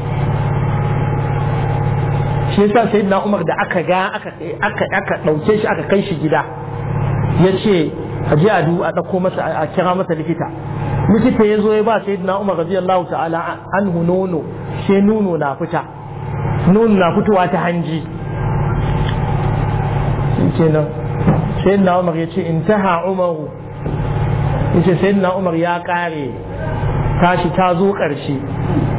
shi yasa sayyidina Umar da aka ga aka ɗauke shi aka kai shi gida yace a je a a dauko masa a kira masa likita likita ya zo ya ba sayyidina Umar radiyallahu ta'ala an nono sai nono na fita nono na fitowa ta hanji kenan sayyidina Umar ya ce in taha Umaru yace sayyidina Umar ya kare tashi ta zo ƙarshe.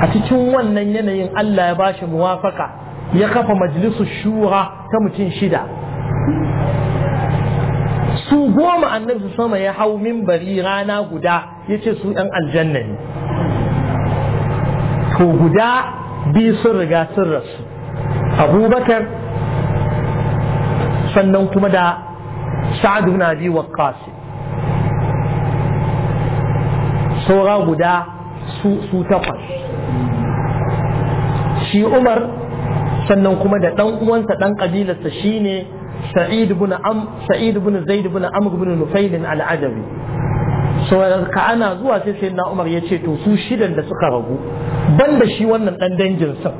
a cikin wannan yanayin Allah ya bashi muwafaka ya kafa majalisu shura ta mutum shida su goma annabi su sama ya hau mimbari rana guda ya ce su ‘yan aljanna ne to guda biyu sun riga sun rasu abubakar sannan kuma da sa'adu na biyu wa saura guda su takwas shi umar sannan kuma da ɗan uwansa ɗan ƙabilarsa shine sa'id ibn sa'id ibn zaid ibn amr ibn nufail al so ka ana zuwa sai sayyidina umar ya ce to su shidan da suka ragu da shi wannan dan dangin sa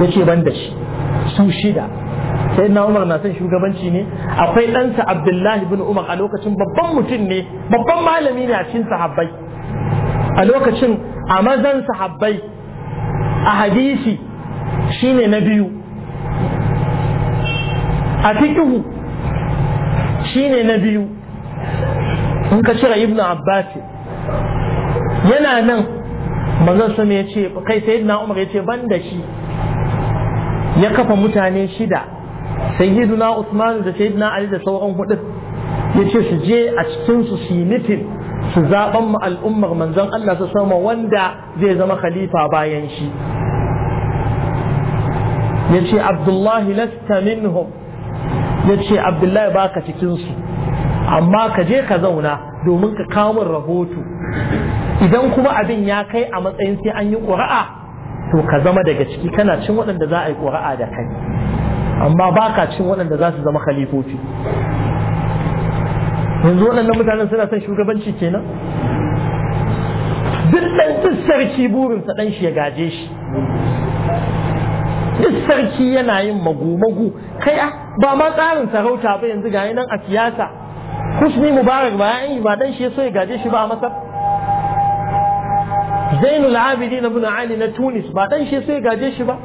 yace banda shi su shida sayyidina umar na son shugabanci ne akwai ɗansa abdullahi bin umar a lokacin babban mutum ne babban malami ne a cikin sahabbai a lokacin a mazan sahabbai a hadisi shine na biyu a fikihu shine na biyu in ka cire ibn abbas yana nan manzon sama ya ce kai sayyidina umar ya ce ban da shi ya kafa mutane shida sayyidina usman da sayyidina ali da sauran hudu ya ce su je a cikinsu su yi mitin su zaɓan mu al'ummar manzon Allah su sama wanda zai zama khalifa bayan shi ya ce abdullahi lasta minhum ya ce abdullahi ba ka cikinsu amma ka je ka zauna domin ka kawo rahoto idan kuma abin ya kai a matsayin sai an yi ƙura'a to ka zama daga ciki kana cin waɗanda za a yi ƙura'a da kai amma ba ka cin waɗanda za su zama khalifofi yanzu waɗannan mutanen suna son shugabanci kenan duk ɗan duk sarki burinsa ɗan shi ya gaje shi duk sarki yana yin magu-magu kai a ah, ba ma tsarin sarauta ba yanzu ga nan a siyasa husni mubarak ba yayin ba dan shi ya so ya gaje shi ba a masar zainul abidi na bin ali na tunis ba dan shi ya so ya gaje shi ba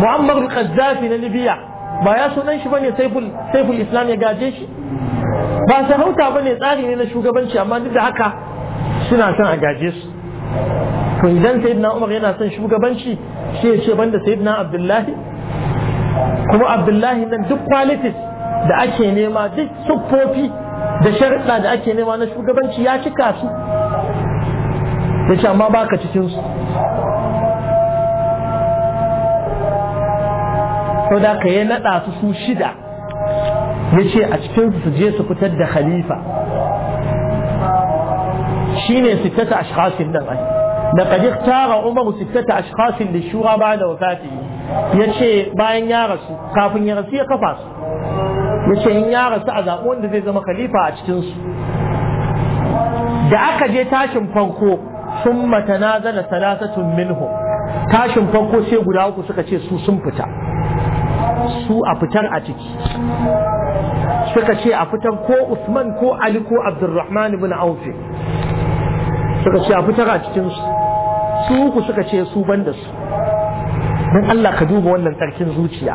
muhammad al-qaddafi na libya ba ya so dan shi bane sai saiful islam ya gaje shi ba su hauta ba ne tsari ne na shugabanci amma duk da haka suna son a gaje su to idan sayyidina umar yana son shugabanci shi ya ce banda sayyidina abdullahi kuma abdullahi nan duk qualities da ake nema duk siffofi da sharuɗa da ake nema na shugabanci ya cika su ya ce amma baka cikin su sau da ka yi naɗa su su shida yace a cikin su je su fitar da khalifa Shi ne sittata ashkhasin nan ai لقد اختار عمر ستة أشخاص للشورى بعد وفاته yace bayan ya rasu kafin ya rasu ya kafa su Ya ce in ya rasu a zaɓi wanda zai zama khalifa a cikin su da aka je tashin farko sun matanazala salatatun minhu tashin farko sai guda uku suka ce su sun fita su a fitar a ciki suka ce a fitar ko Usman ko Ali ko Abdurrahman ibn Auf suka ce a fitar a cikin su uku suka ce su ban da su don Allah ka duba wannan tsarkin zuciya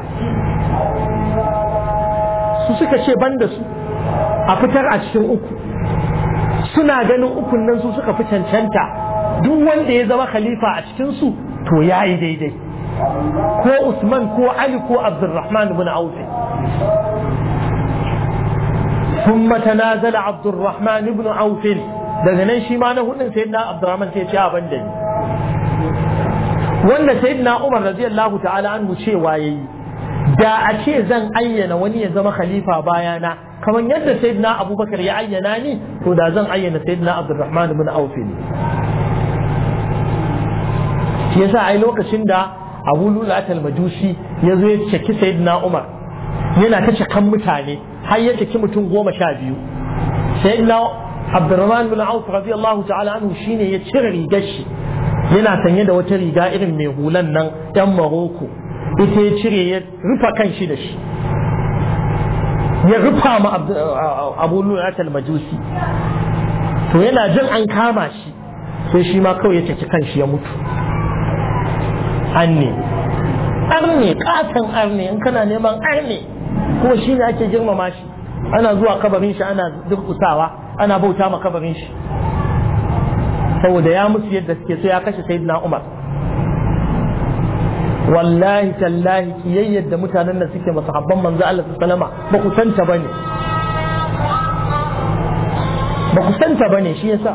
su suka ce ban da su a fitar a cikin uku suna ganin ukun nan su suka fi cancanta duk wanda ya zama khalifa a cikin su to yayi daidai ko Usman ko Ali ko Abdurrahman ibn Auf ثم تنازل عبد الرحمن بن عوف daga nan shi ma na hudun sayyidina abdurrahman sai ya ce abin da ni wanda sayyidina umar radiyallahu ta'ala anhu cewa yayi da a ce zan ayyana wani ya zama khalifa bayana kamar yadda sayyidina abubakar ya ayyana ni to da zan ayyana sayyidina abdurrahman ibn auf ne yasa ai lokacin da abu lulat majusi ya zo ya ceki sayyidina umar yana ta cakan mutane har ya saki mutum goma sha biyu sai na abdurrahman bin auf radiyallahu ta'ala anhu shine ya cire rigar shi yana sanye da wata riga irin mai hulan nan dan maroko ita ya cire ya rufa kan shi da shi ya rufa ma abu lu'atul majusi to yana jin an kama shi sai shi ma kawai ya caki kan shi ya mutu an ne arne katon arne in kana neman arne kuma shi ne ake girmama shi ana zuwa kabarin shi ana durkusawa ana bauta ma kabarin shi saboda ya musu yadda suke so ya kashe na umar wallahi tallahi kiyayyar da mutanen nan suke masahabban manzo Allah sallama ba ku santa bane ba ku santa bane shi yasa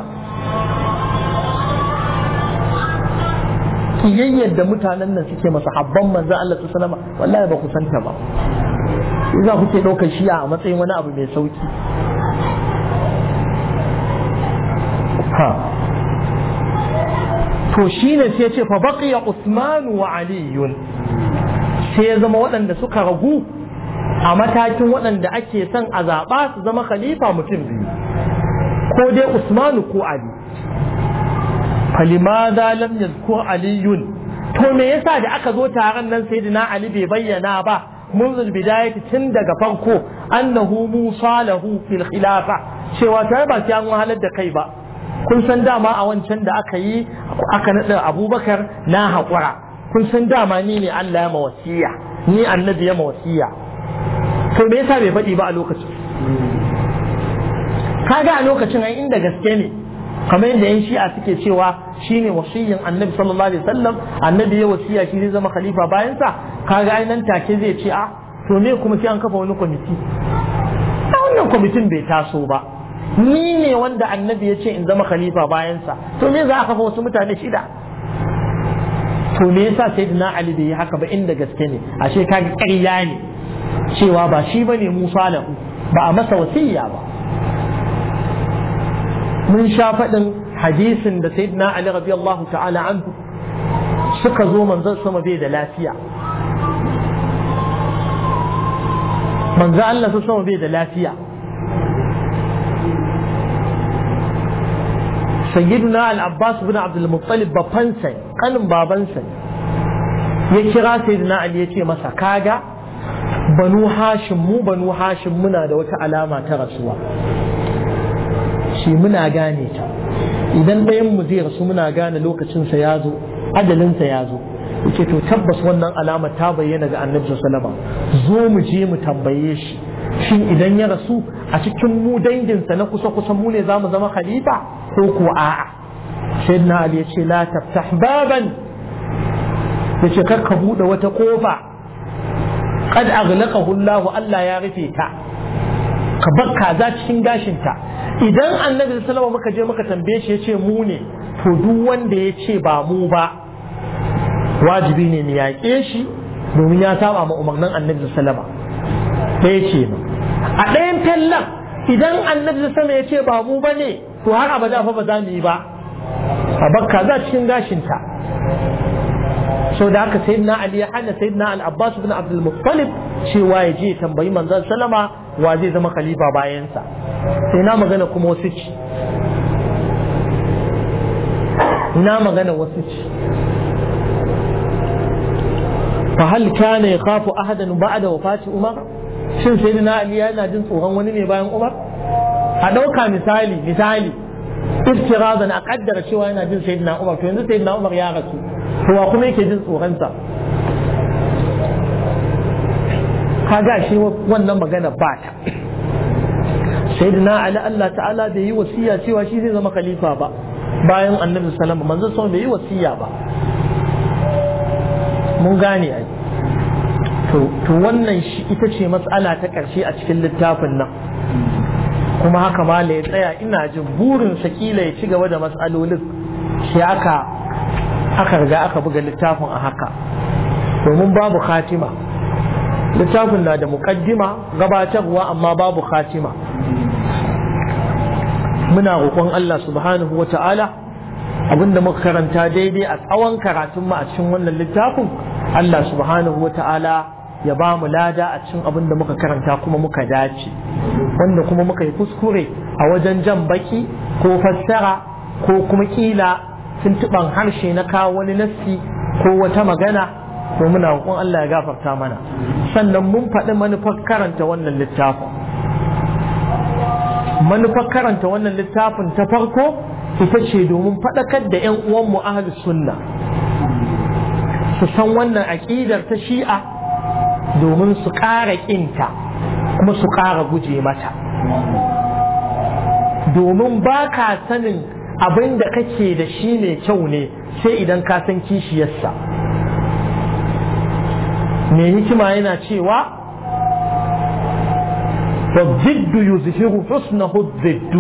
kiyayyar da mutanen nan suke masahabban manzo Allah sallama wallahi ba ku santa ba shi za kuke ɗaukar shi'a a matsayin wani abu mai sauki ha to shine ne sai ce fa baqiya Usmanu wa Aliyun sai ya zama waɗanda suka ragu a matakin waɗanda ake son a zaɓa su zama khalifa mutum biyu ko dai Usmanu ko Ali falimada lam yazkur Aliyun to me yasa da aka zo taron nan sayyidina Ali bai bayyana ba منذ البداية تندق فرقه أنه موصى له في الخلافة شوى تابع كان وهل كيبا kun san dama a wancan da aka yi aka naɗa abubakar na haƙura kun san dama ni ne Allah ya mawasiya ni annabi ya mawasiya to me yasa bai faɗi ba a lokacin kaga a lokacin ai inda gaske ne kamar yadda yan shi'a suke cewa shine wasiyyin annabi sallallahu alaihi wasallam annabi ya wasiya shi zai zama khalifa bayan sa kaga ai nan take zai ce a ah, to me kuma sai an kafa wani kwamiti a wannan kwamitin bai taso ba ni ne wanda annabi ya ce in zama khalifa bayan sa to me za a kafa wasu mutane shida to me yasa sayyidina ali bai yi haka ba inda gaske ne ashe kaga ƙarya ne cewa ba shi bane musa lahu ba a masa wasiyya ba mun sha faɗin hadisin da sayyidina ali radiyallahu ta'ala anhu suka zo manzon sama bai da lafiya manzo Allah su sama bai da lafiya sayyiduna al-abbas ibn abdul muttalib sai kanin baban sai ya kira sayyiduna ali ya ce masa kaga banu hashim mu banu muna da wata alama ta rasuwa muna gane ta idan ɗayan mu zai rasu muna gane lokacinsa ya zo adalinsa ya zo yake to tabbas wannan alama ta bayyana ga annabi sallama zo mu je mu tambaye shi shin idan ya rasu a cikin mu danginsa na kusa kusa mu ne zamu zama khalifa ko ko a'a sayyidina ali ya ce la taftah baban yace kar ka bude wata kofa qad aghlaqahu Allah Allah ya rufe ta ka bar kaza cikin gashin ta. idan annabi salama muka je muka tambaye shi yace mu ne to duk wanda ya ce ba mu ba wajibi ne mu yaƙe shi domin ya saba ma umarnin annabi sallama ɗaya ce a ɗayan tallan idan annabi sallama ya ce ba mu ba ne to har abada fa ba za mu yi ba a bakka za cikin gashinta sau da haka sayyidina ali ya hana sayyidina al-abbas bin abdul muttalib cewa ya je tambayi manzon Salama wa zai zama khalifa bayansa. sai na magana kuma wasu ci na magana wasu ci fa hal kana yakhafu ahadan ba'da wafati umar shin sayyidina ali yana jin tsoron wani ne bayan umar a dauka misali misali iftirazan a kaddara cewa yana jin sayyidina umar to yanzu sayyidina umar ya rasu kowa kuma yake jin tsoronsa ga shi wannan magana ba ta sai da na ala Allah ta'ala bai yi wasiya cewa shi zai zama khalifa ba bayan annabi salama manzan sama bai yi wasiya ba mun gane a to wannan shi ita ce matsala ta ƙarshe a cikin littafin nan kuma haka ma ya tsaya ina jin burin sakila ya ci gaba da matsalolin shi aka aka riga aka buga littafin a haka domin babu khatima littafin na da mukaddima gabatarwa amma babu khatima muna roƙon Allah subhanahu wa ta'ala abinda muka karanta daidai a tsawon karatun mu a cikin wannan littafin Allah subhanahu wa ta'ala ya ba mu lada a cikin abin da muka karanta kuma muka dace wanda kuma muka yi kuskure a wajen jan baki ko fassara ko kuma kila tuntuɓan harshe na kawo wani nassi ko wata magana to muna roƙon Allah ya gafarta mana sannan mun faɗi manufar karanta wannan littafin manufar karanta wannan littafin ta farko ita ce domin faɗakar da 'yan uwanmu ahli sunna su san wannan aƙidar ta shi'a domin su ƙara ƙinta kuma su ƙara guje mata domin ba ka sanin abin da kake da shi ne kyau ne sai idan ka san kishiyarsa mai hikima yana cewa والضد يظهر حسنه الضد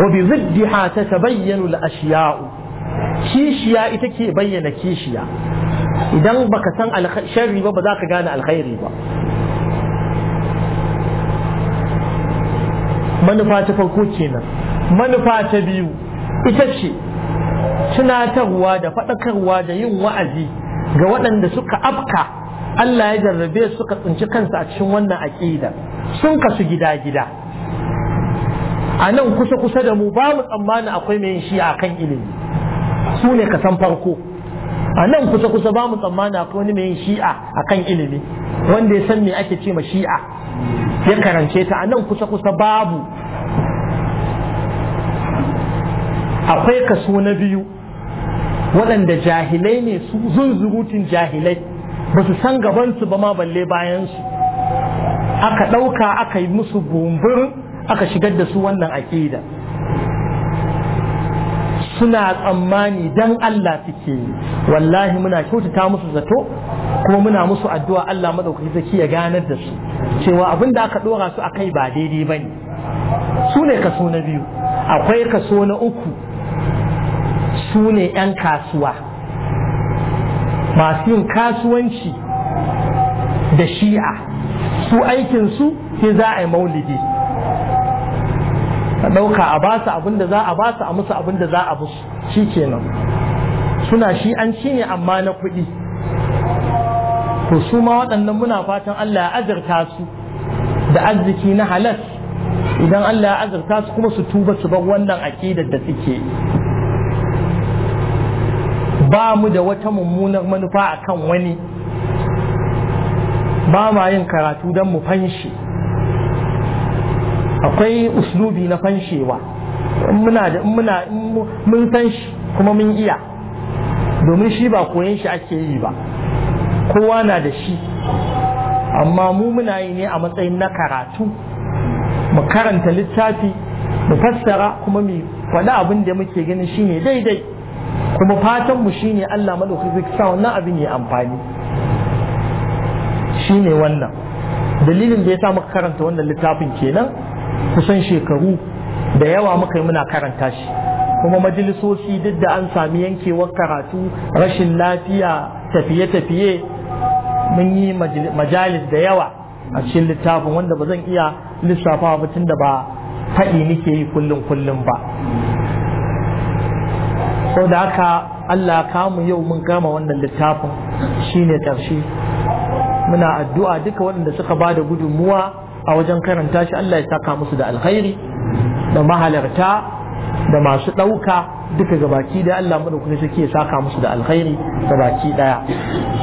وبضدها تتبين الأشياء kishiya ita ke bayyana kishiya idan baka san sharri ba ba za ka gane alkhairi ba manufa ta farko kenan manufa ta biyu ita ce tunatarwa da faɗakarwa da yin wa'azi ga waɗanda suka afka Allah ya jarrabe suka tsinci kansa a cikin wannan aƙida sun kasu gida-gida a nan kusa-kusa da mu ba mu tsammani akwai mai shi a kan ilimi su ne kasan farko a nan kusa-kusa ba mu tsammani akwai wani mai shi'a a kan ilimi wanda ya san me ake ce ma shi'a ya karance ta a nan kusa-kusa babu akwai kaso na biyu waɗanda jahilai ne su zunzurutun jahilai ba su san gabansu ba ma balle bayansu aka ɗauka aka yi musu bumburin aka shigar da su wannan aƙida suna tsammani dan Allah suke yi wallahi muna kyautata musu zato kuma muna musu addu'a Allah madaukaki zaki ya ganar da su cewa abin da aka ɗora su a kai ba daidai ba ne su ne kaso na biyu akwai kaso na uku su ne 'yan kasuwa masu yin kasuwanci da shi'a su aikinsu sai za a yi maulidi a ɗauka a ba su abin da za a ba su a musu abin da za a musu shi kenan suna shi an ci ne amma na kuɗi to su ma waɗannan muna fatan Allah ya azurta su da arziki na halas idan Allah ya azurta su kuma su tuba su bar wannan aƙidar da suke ba mu da wata mummunar manufa a kan wani ba ma yin karatu don mu fanshe. akwai uslubi na fanshewa mun san kuma mun iya domin shi ba koyon shi ake yi ba kowa na da shi amma mu muna yi ne a matsayin na karatu mu karanta littafi mu fassara kuma mu faɗi abin da muke ganin shine daidai kuma fatan mu shine Allah madaukaki zai sa wannan abin ya amfani shine wannan dalilin da ya sa muka karanta wannan littafin kenan kusan shekaru da yawa muka yi muna karanta shi kuma majalisoci duk da an sami yankewar karatu rashin lafiya tafiye-tafiye mun yi majalis da yawa a cikin littafin wanda ba zan iya lissafawa ba tun da ba faɗi nake yi kullum kullum ba sau da haka Allah kamu yau mun kama wannan littafin shine ƙarshe muna addu'a duka waɗanda suka ba da gudunmuwa a wajen karanta shi Allah ya saka musu da alkhairi da mahalarta da masu ɗauka duka gabaki da Allah madaukaki suke saka musu da alkhairi gabaki ɗaya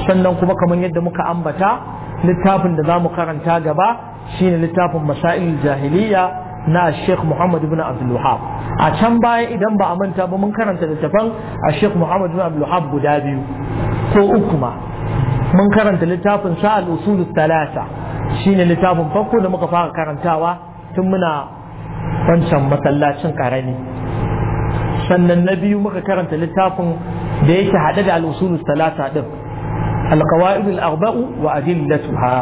sannan kuma kamar yadda muka ambata littafin da za mu karanta gaba shine littafin masail jahiliya na Sheikh Muhammad ibn Abdul Wahhab a can baya idan ba a manta ba mun karanta littafan a Sheikh Muhammad bin Abdul Wahab guda biyu ko uku ma mun karanta littafin sa al-usul talata shine littafin farko da muka fara karantawa tun muna wancan masallacin karami sannan na biyu muka karanta littafin da yake hade da al-usul talata din al-qawaid al-arba'u wa adillatuha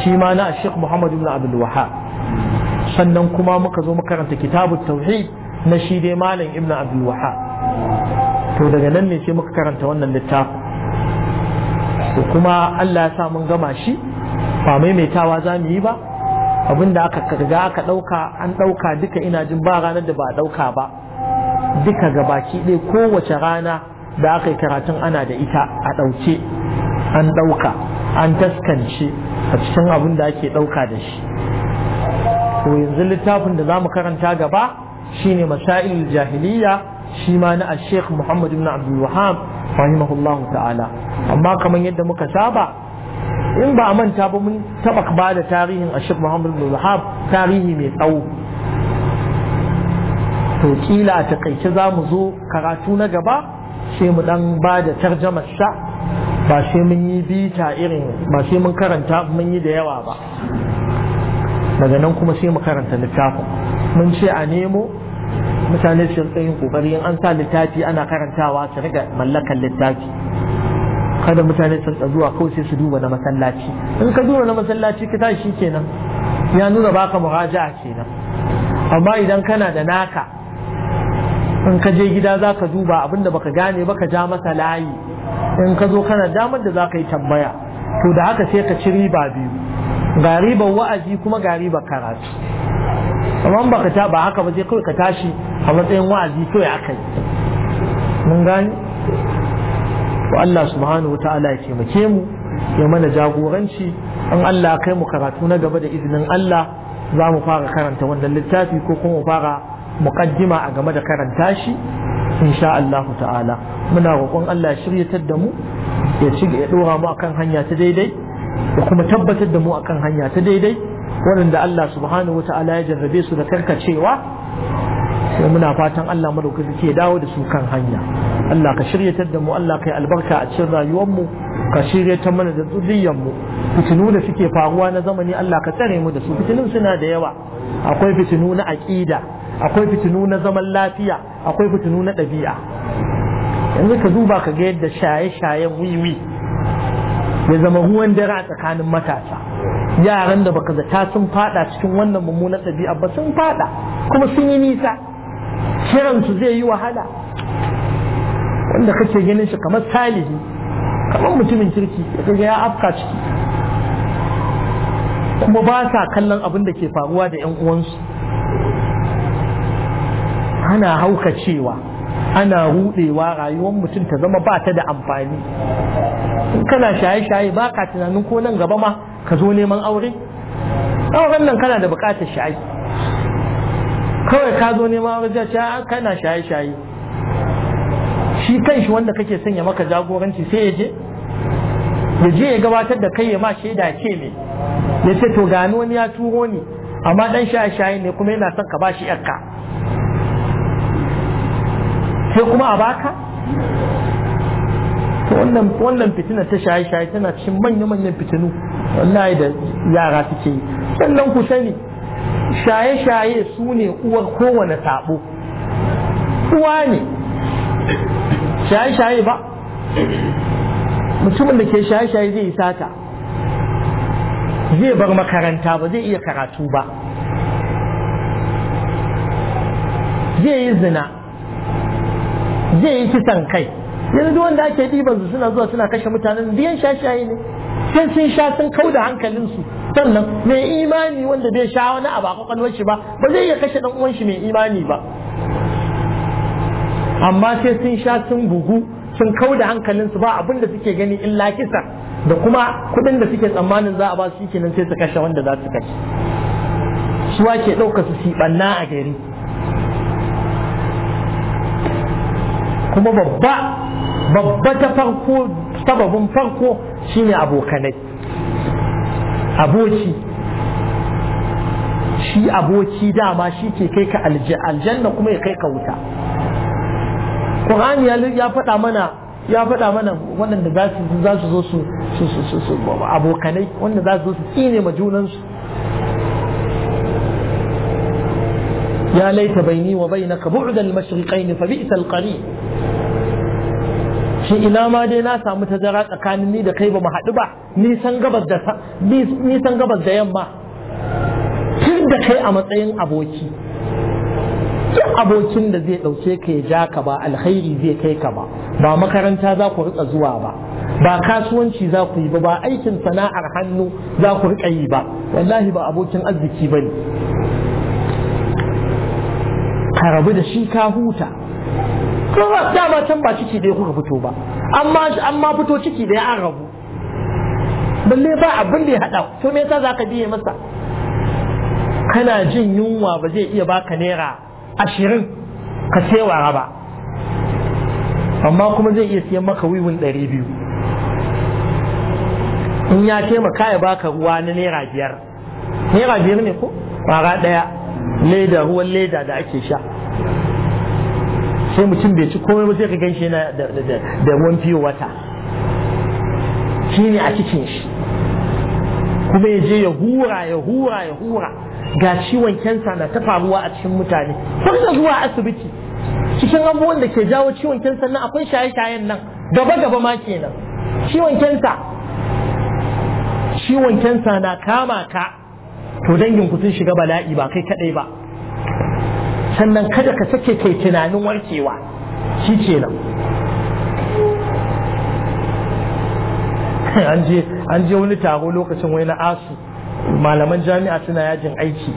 shi ma na Sheikh Muhammad bin Abdul Wahab sannan kuma muka zo makaranta kitabu tauhid na shi dai malam ibn abdul waha to daga nan ne sai muka karanta wannan littafin to kuma Allah ya sa mun gama shi ba maimaitawa za mu yi ba abinda aka riga aka ɗauka an ɗauka duka ina jin ba ranar da ba a ɗauka ba duka gabaki ɗaya kowace rana da aka yi karatun ana da ita a ɗauke an ɗauka an taskance a cikin abin da ake ɗauka da shi to yanzu littafin da za mu karanta gaba shine masail jahiliya shi ma na Sheikh Muhammad ibn Abdul Wahhab rahimahullahu ta'ala amma kamar yadda muka saba in ba a manta ba mun taba ba da tarihin Sheikh Muhammad ibn Wahhab tarihi mai tsawo to kila a takaice za mu zo karatu na gaba sai mu dan ba da tarjamar sa ba sai mun yi bita irin ba sai mun karanta mun yi da yawa ba daga nan kuma sai mu karanta littafin mun ce a nemo mutane su rika yin kokari an sa littafi ana karantawa su riga mallakan littafi kada mutane su rika zuwa kawai sai su duba na masallaci in ka duba na masallaci ka tashi kenan ya nuna baka a kenan amma idan kana da naka in ka je gida za ka duba abinda baka gane baka ja masa layi in ka zo kana damar da za ka yi tambaya to da haka sai ka ci riba biyu ga ribar wa'azi kuma ga ribar karatu amma ba ka ba haka ba zai kawai ka tashi a matsayin wa'azi kawai kai. mun gani wa Allah subhanahu wata'ala ya taimake mu ya mana jagoranci in Allah kai mu karatu na gaba da izinin Allah za mu fara karanta wannan littafi ko kuma mu fara muqaddima a game da karanta shi insha Allah ta'ala muna roƙon Allah ya shiryatar da mu ya ci ya dora mu akan hanya ta daidai ya kuma tabbatar da mu akan hanya ta daidai waɗanda Allah subhanahu wa ta'ala ya jarrabe su da karkacewa sai muna fatan Allah madaukaki ke dawo da su kan hanya Allah ka shiryatar da mu Allah kai albarka a cikin rayuwar mu ka shiryatar mana da zuriyar mu fitinu da suke faruwa na zamani Allah ka tsare mu da su fitinun suna da yawa akwai fitinu na aqida akwai fitinu na zaman lafiya akwai fitinu na ɗabi'a yanzu ka duba ka ga yadda shaye-shayen wiwi ya zama ruwan dare a tsakanin matasa yaran da baka zata sun fada cikin wannan mummunan ɗabi'a ba sun fada kuma sun yi nisa kiransu zai yi wahala wanda kake ganin shi kamar salihi kamar mutumin kirki kaga ya afka ciki kuma ba sa kallon abin da ke faruwa da 'yan uwansu ana haukacewa cewa ana rudewa rayuwar mutum ta zama ba ta da amfani in kana shaye-shaye ba ka tunanin ko nan gaba ma ka zo neman aure auren nan kana da bukatar shaye kawai ka zo neman aure ja kana shaye-shaye shi kan shi wanda kake sanya maka jagoranci sai ya je ya je ya gabatar da kai ya ma shaida ce me ya ce to gani wani ya turo ni amma dan shaye-shaye ne kuma yana son ka ba shi sai kuma a baka wannan wannan fitina ta shaye shaye tana cin manya manyan fitinu wallahi da yara suke yi sannan ku sani shaye shaye su ne uwar kowane sabo uwa ne shaye shaye ba mutumin da ke shaye shaye zai yi sata zai bar makaranta ba zai iya karatu ba zai yi zina zai yi kisan kai yanzu duk wanda ake ɗiban su suna zuwa suna kashe mutanen biyan shashaye ne sai sun sha sun kau da hankalinsu sannan mai imani wanda bai sha wani abu a kwakwalwar shi ba ba zai iya kashe dan uwan shi mai imani ba amma sai sun sha sun bugu sun kau da hankalinsu ba abin da suke gani illa kisa da kuma kuɗin da suke tsammanin za a ba su kenan sai su kashe wanda za su kashe suwa ke ɗauka su siɓanna a gari kuma babba babba ta farko sababin farko shine abokanai aboki shi aboki dama shi ke kai ka aljanna kuma ya kai ka wuta Ƙur'ani ya faɗa mana ya faɗa mana waɗanda za su za su zo su su su abokanai wanda za su zo su tsine ma junansu ya laita baini wa bainaka bu'dal mashriqain fa bi'sal qarin ashe ina ma dai na samu tazara tsakanin ni da kai ba mu haɗu ba nisan gabas da nisan gabas da yamma tun da kai a matsayin aboki duk abokin da zai ɗauke ka ya ja ka ba alkhairi zai kai ka ba ba makaranta za ku rika zuwa ba ba kasuwanci za ku yi ba ba aikin sana'ar hannu za ku rika yi ba wallahi ba abokin arziki ba ne ka rabu da shi ka huta kowa dama can ba ciki dai kuka fito ba amma amma fito ciki dai an rabu balle ba abin da ya hada to me yasa zaka biye masa kana jin yunwa ba zai iya baka naira ashirin ka sewa ba amma kuma zai iya siyan maka wiwin ɗari biyu in ya taimaka ya baka ruwa na naira biyar naira biyar ne ko kwara ɗaya leda ruwan leda da ake sha sai mutum bai ci komai ba sai ka ganshi yana da ruwan fiye wata shine ne a cikin shi kuma ya je ya hura ya hura ya hura ga ciwon kansa na ta faruwa a cikin mutane da zuwa asibiti cikin abubuwan da ke jawo ciwon kansa nan akwai shaye-shayen nan gaba-gaba ma kenan ciwon kansa ciwon kansa na kama ka to dangin ku sun shiga bala'i ba kai kadai ba sannan kada ka sake kai tunanin warkewa shi ce nan an je wani taro lokacin wai na asu malaman jami'a suna yajin aiki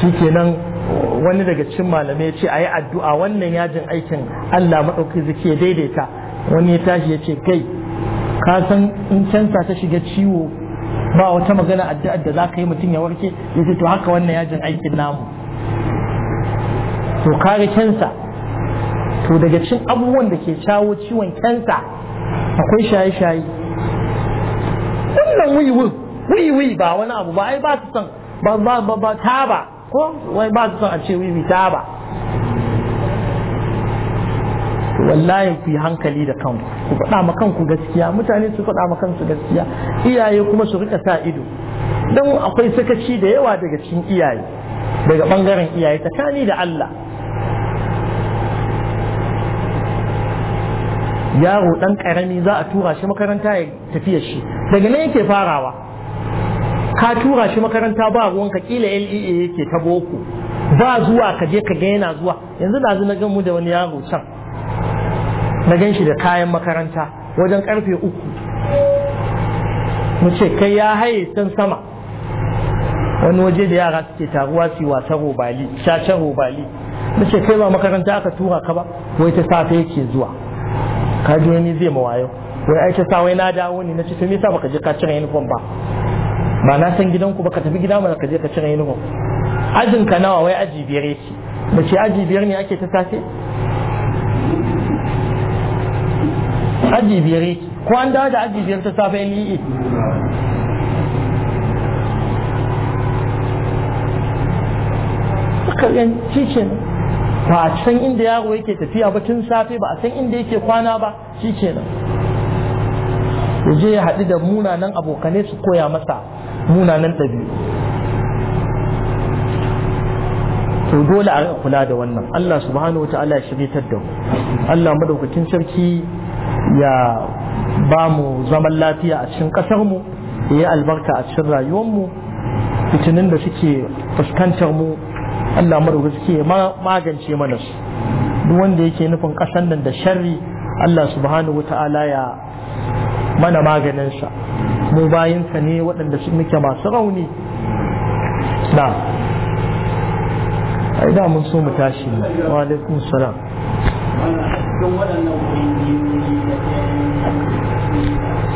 shi nan wani daga cin malamai ya ce a yi addu'a wannan yajin aikin allah maɗauki zuke daidaita wani ya tashi ya ce kai ka san in canza ta shiga ciwo ba wata magana addu'ar da za ka yi mutum ya warke ya ce to haka wannan yajin aikin namu to kare kansa to daga cin abubuwan da ke cawo ciwon kansa akwai shaye-shaye wannan wiwi wiwi ba wani abu ba ai ba su san ba ba ba ba ba ko wai ba su san a ce wiwi ba wallahi ku yi hankali da kanku ku faɗa ma kanku gaskiya mutane su faɗa ma kansu gaskiya iyaye kuma su rika sa ido don akwai sakaci da yawa daga cikin iyaye daga bangaren iyaye tsakani da Allah yaro dan karami za a tura shi makaranta ya tafiya shi daga nan yake farawa ka tura shi makaranta ba ruwan ka kila LEA yake ta boko ba zuwa ka je ka ga yana zuwa yanzu da na ganmu mu da wani yaro can na gan da kayan makaranta wajen karfe uku mu ce kai ya haye can sama wani waje da yara suke taruwa su wasan robali shashen robali mu ce kai ba makaranta aka tura ka ba wai ta safe yake zuwa ka ji wani zai mawayo wai ai ta wai na dawo ne na ce to me yasa baka je ka cire uniform ba ba na san gidanku ba ka tafi gida mana ka je ka cire uniform ajin ka nawa wai aji biyar yake ba ce aji biyar ne ake ta safe aji biyar yake ko an dawo da aji biyar ta safe NEA suka yan cikin ba a san inda yaro yake tafiya ba tun safe ba a san inda yake kwana ba shi kenan ya je ya haɗu da munanan abokane su koya masa munanan ɗabi'u to dole a kula da wannan Allah subhanahu wata'ala ya shiryatar da mu Allah madaukakin sarki ya ba mu zaman lafiya a cikin ƙasar mu ya albarka a cikin rayuwar mu fitinin da suke fuskantar mu Allah madaukaki ya magance mana su duk wanda yake nufin ƙasan nan da sharri Allah subhanahu ta'ala ya mana maganin sa mu sa ne waɗanda su muke masu rauni na ai da mun so mu tashi wa alaikum salam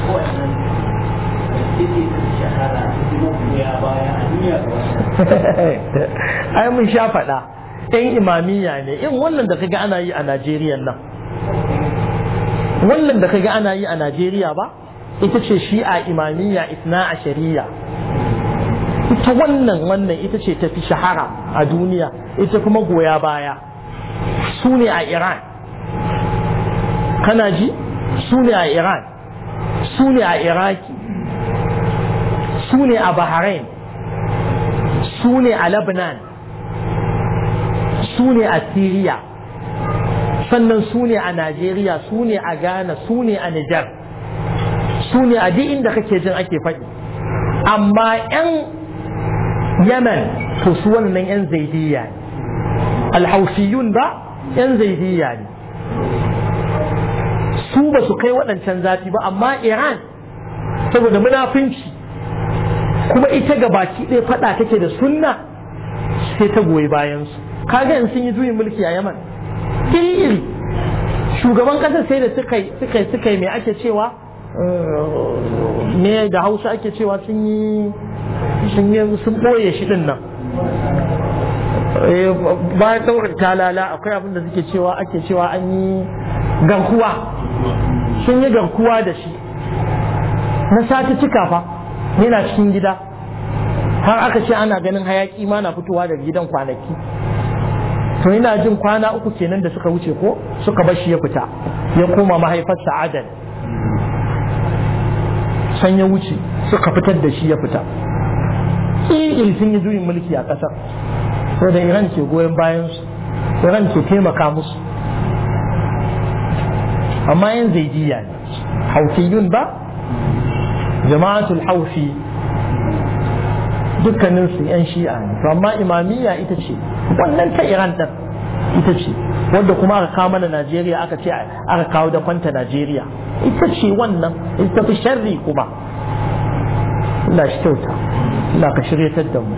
waɗannan ai mun sha faɗa ɗan imamiya ne in wannan da ka ga ana yi a Najeriya nan wannan da ka ga ana yi a Najeriya ba ita ce shi'a imamiya isna a shari'a ita wannan wannan ita ce tafi shahara a duniya ita kuma goya baya su ne a Iran kana ji su ne a Iran su ne a Iraki su ne a bahrain su ne a lebanon su ne a syria sannan su ne a najeriya su ne a ghana su ne a nijar su ne a duk inda kake jin ake faɗi amma 'yan yaman to su wannan 'yan zaidiyya ne alhausiyun ba 'yan zaidiyya ne su ba su kai waɗancan zafi ba amma iran saboda munafinci kuma ita ga baki ɗaya faɗa take da sunna sai ta goyi bayansu kaga in sun yi juyin mulki a yaman iri shugaban ƙasar sai da suka suka mai ake cewa me da hausa ake cewa sun yi sun yi sun ɓoye shi ɗin nan eh, bayan ɗaurin talala akwai abin da suke cewa ake cewa an yi gankuwa sun yi gankuwa da shi na sati cika fa yana cikin gida har aka ce ana ganin hayaki ma na fitowa daga gidan kwanaki to ina jin kwana uku kenan da suka wuce ko suka bar shi ya fita ya koma mahaifar adan san ya wuce suka fitar da shi ya fita ƙi'il sun yi juyin mulki a ƙasar saboda iran ke goyon bayan su iran ke taimaka musu amma yan zaidiya ne hautiyun ba jama'atul haufi dukkanin su yan shi'a ne to amma imamiyya ita ce wannan ta iran ɗin ita ce wadda kuma aka kawo mana najeriya aka ce aka kawo da kwanta najeriya ita ce wannan ita fi sharri kuma Allah shi kyauta Allah ka shirya da mu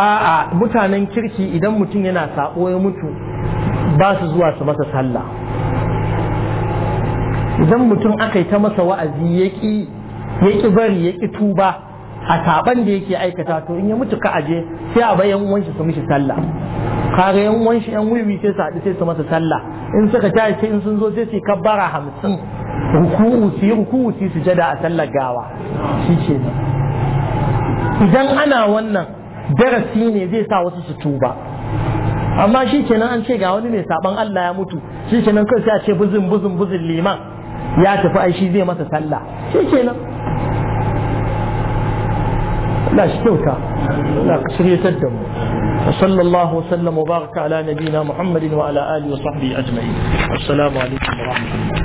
a'a mutanen kirki idan mutum yana sabo ya mutu ba su zuwa su masa sallah idan mutum aka yi ta masa wa'azi ya ki bari ya ki tuba a saban da yake aikata to in ya mutu ka aje sai a bayan wanshi su mishi sallah kaga yan wanshi yan wiwi sai su haɗu sai su masa sallah in suka ta sai in sun zo sai su kabbara hamsin ruku'u su yi ruku'u su yi sujada a sallar gawa shi ce. idan ana wannan darasi ne zai sa wasu su tuba amma shi kenan an ce ga wani mai saban Allah ya mutu shi kenan kai sai a ce buzin buzin buzin liman ya tafi ai shi zai masa sallah shi kenan لا da mu sallallahu sallam wa baraka ala nabina muhammadin wa ala alihi wa sahbihi ajma'in assalamu alaikum wa rahmatullahi